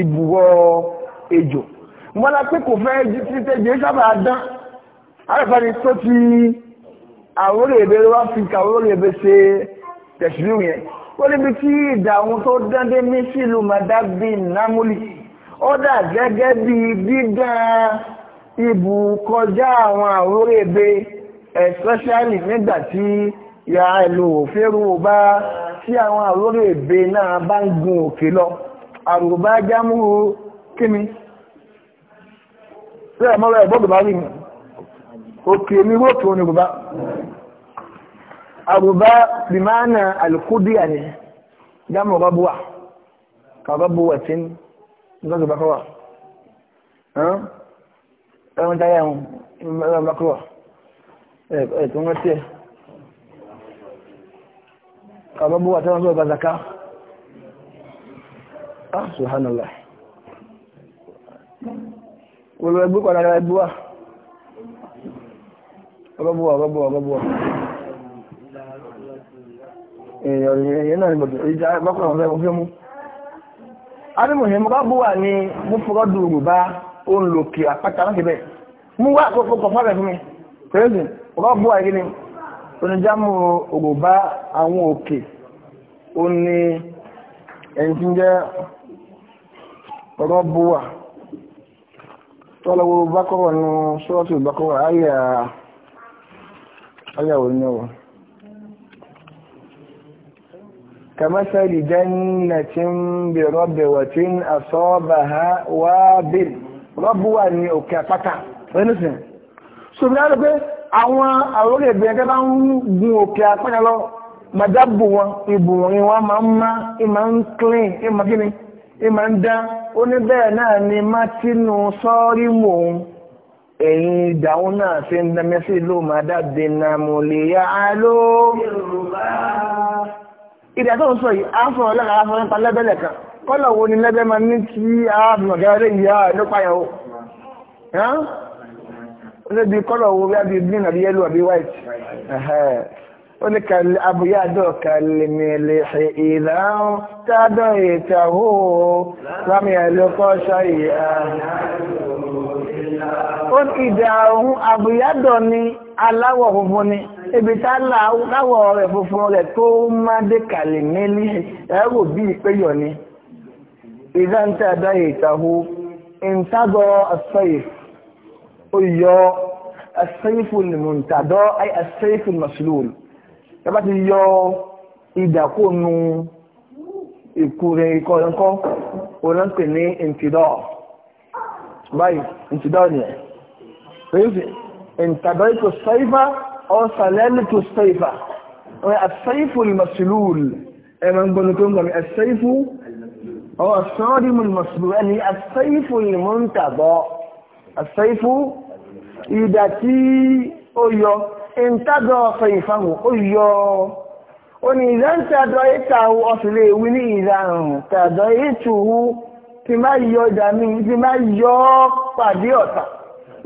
ìbúwọ́ ejò mọ́lá pé kò fẹ́ títẹ́ jẹ́ sábà dán arẹ́fẹ́ni tó ti àwórè èbè wá fi kàwórè èbè ṣe tẹ̀sílù yẹn ó níbi tí ìdà àwọn tó dán dé mí sílùú madabi námúlì ó dà gẹ́gẹ́ bí dídán ibù kọjá àwọn àwórè ebe especially nígbà tí ya ìlú òférú bá tí àwọn àwórè ebe náà bá ń gun òkè lọ àrùbá jámúrú kíni bẹ́ẹ̀ mọ́ra ẹ̀bọ́dù bá rí mi òkè mi wókè òní rùbá àrùbá bìmánà alùkúdíà ni jámù rọ́bùwà kàrọ́bùwà lọ́dọ̀ bá kọ́wà ẹ̀wọ̀n táyà ẹ̀wọ̀n lọ́dọ̀ bá kọ́wà ẹ̀tọ́ wọ́n tí ẹ̀ kàbọ́bọ́ wà tẹ́wọ́n sọ́rọ̀ bàzàká ah subhanallah wọ́n ẹgbẹ́ kọ́ lára ẹgbẹ́ wà ọgbọ́bọ́ ọgbọ́bọ́ ọgbọ́bọ́ èèyàn náà ni bọ̀dọ̀ ìjà bákọ̀ àwọn ọ̀fẹ́ mú alimuhim rọ́bù wà ní múfúrọ́dù yorùbá ó ń lò kí àpáta láti bẹ̀ mú wá àkókò kọfà rẹ̀ fún mi kérésì rọ́bù wà yìí oníjàmù yorùbá àwọn òkè ó ní ẹni tí ń jẹ́ rọ́bù wà tọ́lọ́wọ́ bákọ́rọ̀ ní sọ́ọ̀tù bákọ́rọ̀ ayà ayà òní ọ̀wọ̀ كمثل جنة بربوة أصابها وابل ربوة ni òkè àpáta ẹnìsìn ṣùgbọ́n láti pé àwọn àwọ́rẹ̀ ìgbìyànjẹ́ bá ń gun òkè àpáta lọ màdábù wọn ìbù wọn ni wọ́n máa ń má ìmá ń clean ìmá ìdáhùn náà ṣe ń dámẹ́sí ló máa dá dènà mọ̀lẹ́yà á ìdàtọ̀ ń sọ yìí a ń sọ̀rọ̀ lẹ́gbẹ̀ẹ́ aṣọ nípa lẹ́bẹ̀lẹ̀ kan kọ́lọ̀ wo ni lẹ́bẹ̀ ma ní kí arábìnrin ìyá bí kọ́lọ̀ bí green àbí yellow àbí white oníkàlẹ̀ abúyádọ̀ kàlẹ̀mẹ̀lẹ̀ ìdáhùn tádọ̀ ìtàwó lámìẹ̀lẹ́kọ́ ṣáyìá ó ìdà ohun abúyádọ̀ ni aláwọ̀ funfun ni ibi tá láwọ̀ rẹ̀ funfun rẹ̀ tó má dé kàlẹ̀mẹ̀lẹ̀ ẹ̀rù bí ìpéyọ̀ ni ìdáhùn tádọ̀ ìtàwó ìntàgọ̀ àṣẹ́yì ó yọ àṣẹ́yì fún ìmùntàdọ́ àṣẹ́yì tẹ́bá ti yọ ìdàkónú ìkú rẹ̀ ikọ̀ ẹ̀kọ́ orántẹ̀ ní ìntìdọ́ báyìí ìntìdọ́ ni ẹ̀ pẹ̀lú ìntàbẹ̀rẹ̀ tó sẹ́ifá ọ̀sàlẹ́lẹ̀ tó sẹ́ifá wọ́n àṣẹ́ifù ìmọ̀sílúùl ẹ̀mọ̀n gbọ́nù tó ń gbọ́nù àṣẹ́ifù ọ̀sọ́rìmù ìmọ̀sílúùl ẹni àṣẹ́ifù ìmọ̀ntàbọ̀ àṣẹ́ifù ìdà tí ó yọ ìntàdọ̀ ọ̀fẹ́ ìfàwò ó yọ ó ní ìdá ń tàdọ̀ ìta ọ̀sùlẹ̀ ìwí ní ìdá àrùn tàdọ̀ ìtùwú ti máa yọ ìdá mi ti máa yọ pàdé ọ̀tà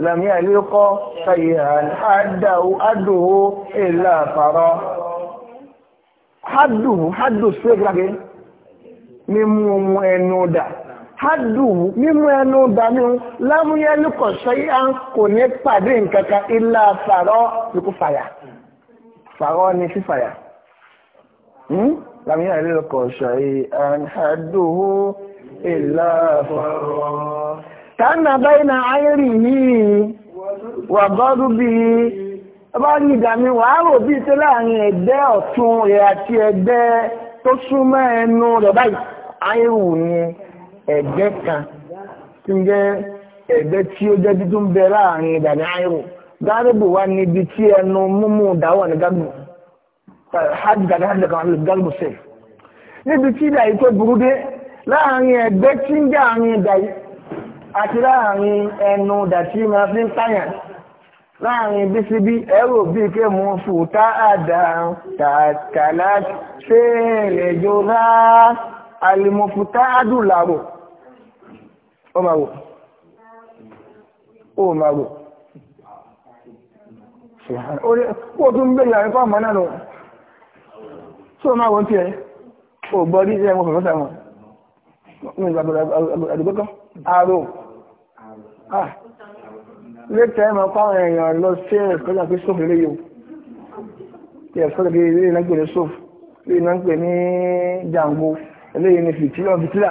làmì àlékọ́ ṣayé àdòwó ìlà àfàrọ́ hádùú hádùú sí ẹgbẹ́ mímú ẹnu dà hádùú mímú ẹnu dání lámúyẹ́lú kọ̀ ṣọ́yá kò ní pàdé nǹkankan ilà fàyà ní fífàyà hmm? lámúyẹ́lú kọ̀ ṣọ́yá hádùú ilá fàárọ̀ tánà báyìí na ayérí yìí wà gọ́dú bí ọba ní ìdàmí wà á rò bí tó láàrin àti ẹ̀gbẹ́ kan tí ń jẹ́ ẹ̀gbẹ́ tí ó jẹ́ títún bẹ láàrin ìdàní àìrò gáàrùbù wá níbi tí ẹnu múmú dáwọ̀ ní gáàrùbù hajj gàdá hajj kan lè gáàrùbù sè níbi tí ìdàyí tó burú dé láàrin ẹ̀gbẹ́ tí ń jẹ́ àárín ìdàyí àti láàrin ẹnu dàtí máa fi ń tàyàn láàrin bí sí bí ẹrù bí ké mú fù táàdà tààkàlá ṣe lè jọra alìmọ̀fù táàdù ó máa wò ó máa wò kó o tún bẹ̀rẹ̀ àrífà mọ́ náà lọ tó máa wọ́n tí ẹ ò gbọ́ rí ẹ̀ wọ́n fẹ̀fẹ́ sàmọ́ ní ìgbàgbọ́ àdúgbọ́tọ́ àrò ah. lẹ́tẹ̀ ẹ̀ máa pàwọn èèyàn lọ sí ẹ̀kọ́jà pé sófù lè yóò tí ẹ̀kọ́jà pé ilé ìlànà pè ní sófù ilé ìlànà pè ní jàǹgbó ilé ìlànà fìtílà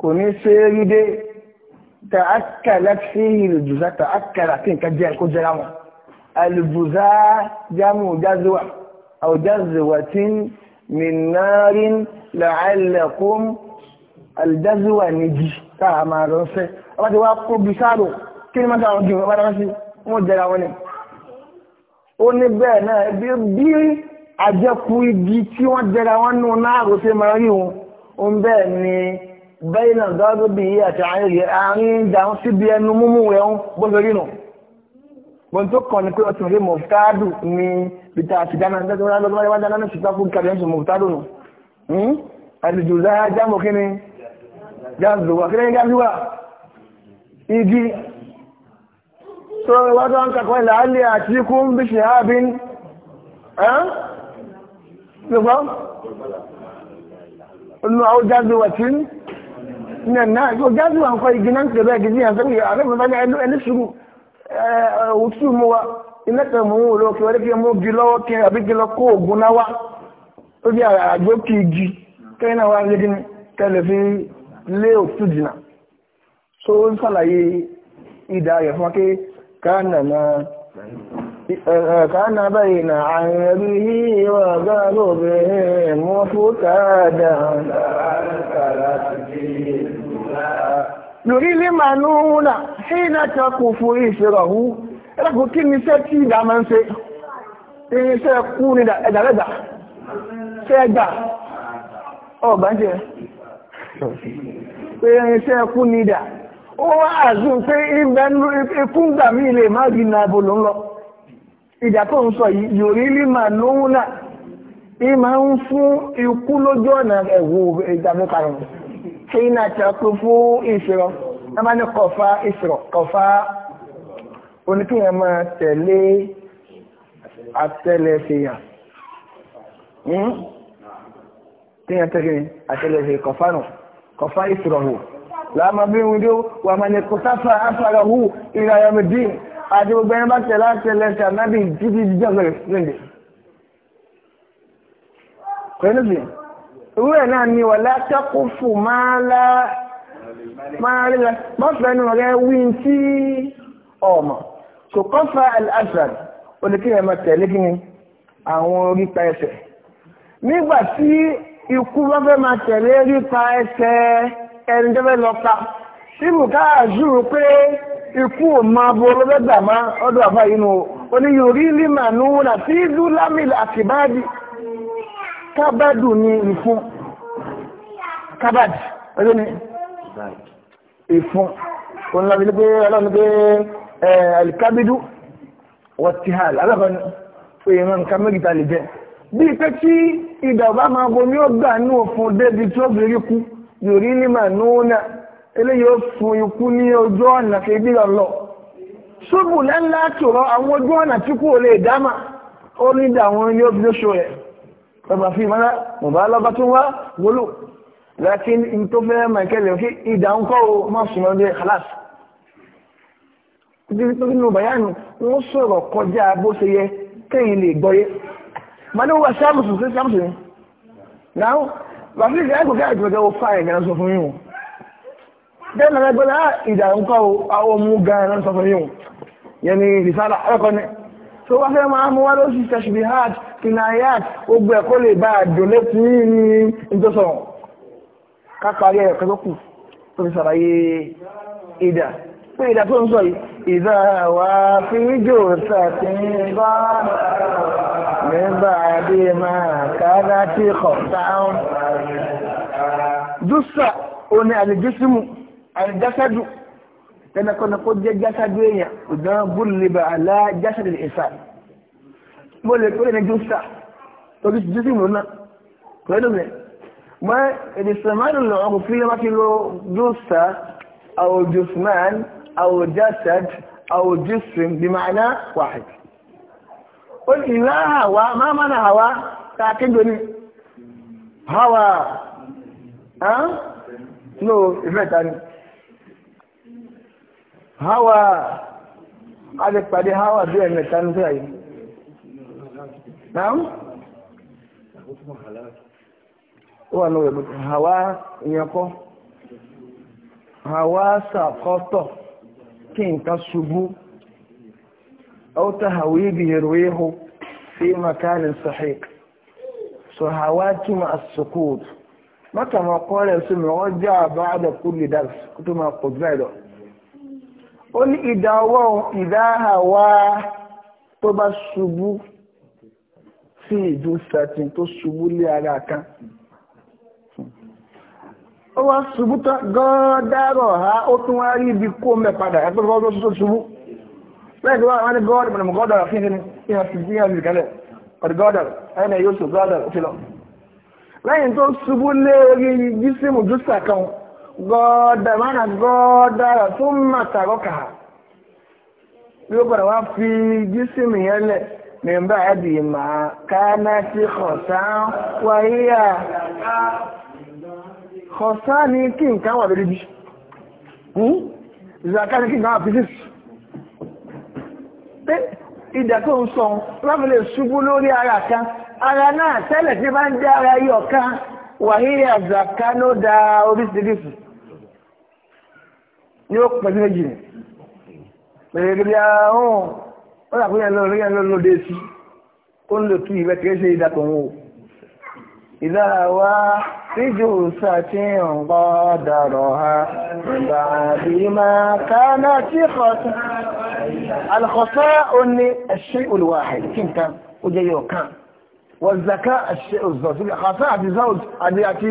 kò ní ṣe rí dé ta akàlá sí ìlùbùzá ta akàlá tí nǹkan jẹ́ kó jẹ́ra wọn alùbùzá jámù jázewa àwùjázewa tí mìnárín làálẹ̀kún alùjázewa nìjì táà máa rọ fẹ́ ọba ti wá kó bí sáàrò kí ni máa ta àwọn jù ó ní bẹ́ẹ̀ náà bí àjẹkù igi tí wọ́n jẹ́ra wọn nù náà rò ṣe máa rí ń bẹ́ẹ̀ ni bẹ́yìn náà gọ́gọ́ bí i àti àárín rẹ̀ àárín ìjà ń síbi ẹnu múmú rẹ̀ ń bọ́sọ̀ rí nù wọ́n tó kàn ní pé ọtún rí mọ̀fútádù ní peter àtìdáná tẹ́tọ́ wọn lọ́gbọ́n wájú adáná ṣùgbọ́n fún kàbí ẹ̀sùn mọ̀fútádù nù hmm? àlejò záyà jámọ̀ kí ni jáàzùwà kí ni jáàzùwà igi náà náà yóò jáde wà ń kọ́ igi náà ń tẹ̀lé ẹ̀gì sí àṣẹ ìyá àrẹ mẹ́fà ní ẹni sùúrù òtún mu wa iná kan mò ń wò lọ kí wọ́n kí mú gi lọ́wọ́ kí àbí gi lọ kó ògùn náà wá ó bí àgbó kí igi kẹ́yìn náà wá ń lédi tẹ́lẹ̀ fi lé òtún jìnnà tó ń sàlàyé ìdá rẹ̀ wa pé káànà náà كان بين عيبه وقلبه lórí ilé màá ní náà ṣé iná tí wọn kò fún ìṣirò kí ni iṣẹ́ tí ìdá máa ń ṣe iṣẹ́ kú ni ẹ̀dàlẹ́dà ẹgbà ọ̀bá jẹ́ pé irinṣẹ́ kú ni ìdà ó wá àzùn pé ikúngbà mí lè má حين تقفوا إسرا أما نقفا إسرا قفا ونكي أما تلي àtẹ́lẹsẹ̀yà tí a tẹ́kiri àtẹ́lẹsẹ̀ kọfánù kọfá ìsìrọ̀hù hmm? láàmà bí i wùdó wà máa ní kò sáfà àfàràhù ìràyàmìdí àti gbogbo ẹni bá tẹ̀lá tẹ́lẹsẹ̀ náà bí jíjí jíjọ́ irú ẹ̀ náà ni wọ̀lá tẹ́kùfù máa lá máa rí la mọ́fẹ́nu rẹ̀ wí tí ọmọ kò kọ́fà al-azhar olùkíyàn máa tẹ̀lé kí ni àwọn orípa ẹsẹ̀ nígbà tí ikú bá fẹ́ máa tẹ̀lé orípa ẹsẹ̀ ẹni tó fẹ́ lọ pa tí bùkáàzù pé ikú ò máa bo ọdún àfáà yìí oníyòrí límà nù láti ìlú lámìlà àtìbáàdì kabadu ni ifun ifun ọjọ́ ni alikabidu wọ́tíhàl alákan èèyàn nǹkan mẹ́gìta lè jẹ́ bí pé tí ìdàbá máa bo ní ọgbà ní òfin débi tí ó bèrè kú yòrí ní mànúnà eléyìí ó fún ikú ní ojú ọ̀nà kébí lọ́lọ́ ṣubú lẹ́ńlá tòrọ àwọn ojú ọ̀nà tí kò lè dámà ó ní dàwọn ní ó طبعا في ماذا مبالغة وغلو لكن انتو فيها ما يكلم في إذا انقوا ما صنعوا دي خلاص nítorí pé nínú bàyánu wọ́n sọ̀rọ̀ kọjá bó ṣe yẹ kẹ́yìn lè gbọ́yé ma ní wà sáàmùsù sí sáàmùsù ní náà bàbí ìgbà ẹgbẹ̀gbẹ̀ àjọ̀gẹ̀ ó fà ẹ̀gẹ̀ sọ fún yíò bẹ́ẹ̀ ẹgbẹ́ náà ìdà ń kọ́ àwọn ọmú gan-an sọ fún yíò ah, yẹn ni ìrìsálà ọlọ́kọ́ ni tó wá fẹ́ máa mú wá lóṣù tashbihat kinayat gbogbo ẹ̀kọ́ lè bá àdùn létí ní ìjọsọ̀ kápárí ẹ̀kọ́ tó kù tó fi sàlàyé ìdà pé ìdà tó ń sọ yìí ìdà wà fi jò sàtì bá nígbà bí máa kára tí kọ̀ táwọn jùsà òní tẹnakọ́nà kó jẹ́ jásádú èèyàn ọ̀dán búrúlébà alá jásádù ìsà mo lè kó lè ní jùsà torí jùsì mò náà pẹ̀lú mi mọ́ èdè sàmánù lọ ọkọ̀ fi lọ́wọ́ kí ló jùsà àwọ̀ jùsùmán àwọ̀ jásad àwọ̀ jùsùn bí màánà wàhid ó ní ìlà àwa máa má na àwa tá a kéjọ ni àwa no ìfẹ́ ta hawa a lè pàdé hawa bí ẹ̀mẹ̀ tánúfẹ́ àyè náà ó wà lọ́wọ́ ìgbẹ̀kùn hawa ìyẹnkọ́ hawa sàkọ́tọ̀ kí nǹkan ṣubú أو تهوي به الريح في مكان صحيح صهوات مع السكوت متى ما قال يسمى رجع بعد كل درس كنت ما قلت بعده ó ní ìdá ọwọ́ ìdáhàwá tó bá ṣubú sí ìdú sẹ́tìn tó ṣubú lé ara kan ó wá ṣubú tán gọ́ọ́dárọ̀ ha ó tún wá rí ibi kó mẹ́ padà ẹgbẹ́ tó tó ṣubú lẹ́yìn tó wá wọn ní gọ́ọ̀dù mọ̀nà gọ́ọ̀dù fún ìdíni ìhàn sí ìhàn sí ìkálẹ̀ gọ́ọ̀dà mana gọ́ọ̀dàrà tó mà tàrọ́kà bí ó padà wá fi jísìmì yẹn lẹ̀ mẹ́mbà àdì mà káná sí kọ̀sán wáyíyà kọ̀sán ní kí nǹkan wà lórí bí hmm? ìzàká ní kí nǹkan wà physics pé ìdà tó ń sọ láti lè ṣubú lórí ara kan ara náà tẹ́lẹ̀ tí bá ń ara yọ̀ kan wàhíyà zaka ló da oríṣiríṣi ni ó pẹ̀sí méjì ni pẹ̀lú ìgbé ahọ́n ó rà pé yẹn lọ́rọ̀ yẹn lọ́rọ̀ lóde sí ó ń lò tú ìwẹ́ kìí ṣe ìdàpọ̀ wọn o ìdá wa ríjò sàtì ǹkọ́ dàrọ̀ ha ìgbà àbí máa ká náà tí kọ̀ọ̀tún alkọ̀sá ó ẹ̀ṣẹ́ olùwà àìkí nǹkan ó jẹ́ yọ̀ kan والزكاة الشيء الزوج خاصة عدي زوج عدي عدي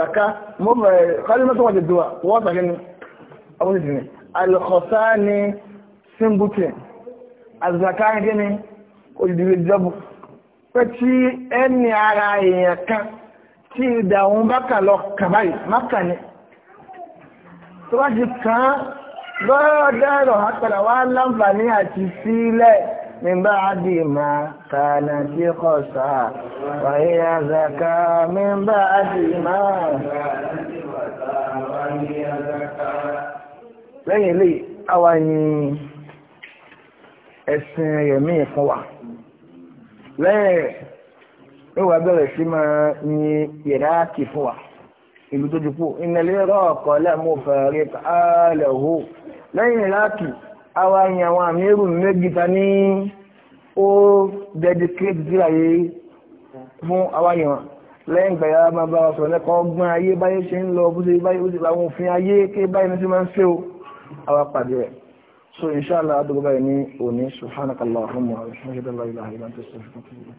زكاة مو خلي ما تقعد الدواء opposite ni alkhosa ni singleton azaka ni gini olùdíje jọbù pé tí ẹni ara èèyàn kan tí ìdààmú bá kà lọ kàbáyì máka ni tó bá ti kàn án lọ́rọ̀ dẹ́rọ̀ àpàdà wá láǹfààní àti sílẹ̀ nígbà àdì máa kàánà tí kò sá wàyí àzàkà nígbà àdì máa kàánà tí kò sá wàyí àzàkà lẹ́yìn ilé àwa ni ẹ̀sìn ẹ̀mí fún wa lẹ́yìn ìwà bẹ̀rẹ̀ sí máa ní ìráàkì fún wa ìlú tó ti kú ìnàlẹ́ rọ́ọ̀kọ́ lẹ́mú fẹ̀rẹ̀ ààlẹ̀hó lẹ́yìn ìráàkì àwa ni àwọn àmì ẹrù méjìta ní ó dedicate sí àyè fún àwa yẹn lẹ́yìn ìgbà yàrá máa bá wa sọ̀rọ̀ nípa ọgbọ́n ayé báyé ṣe ń lọ bó ṣe báyé ó ti làwọn òfin ayé ké báyé ní ti máa ń ṣe o àwa pàdé rẹ̀ so inṣáàlá adúgbò báyìí ní òní subhanakallahumma wa bihamdika la ilaha illa anta astaghfiruka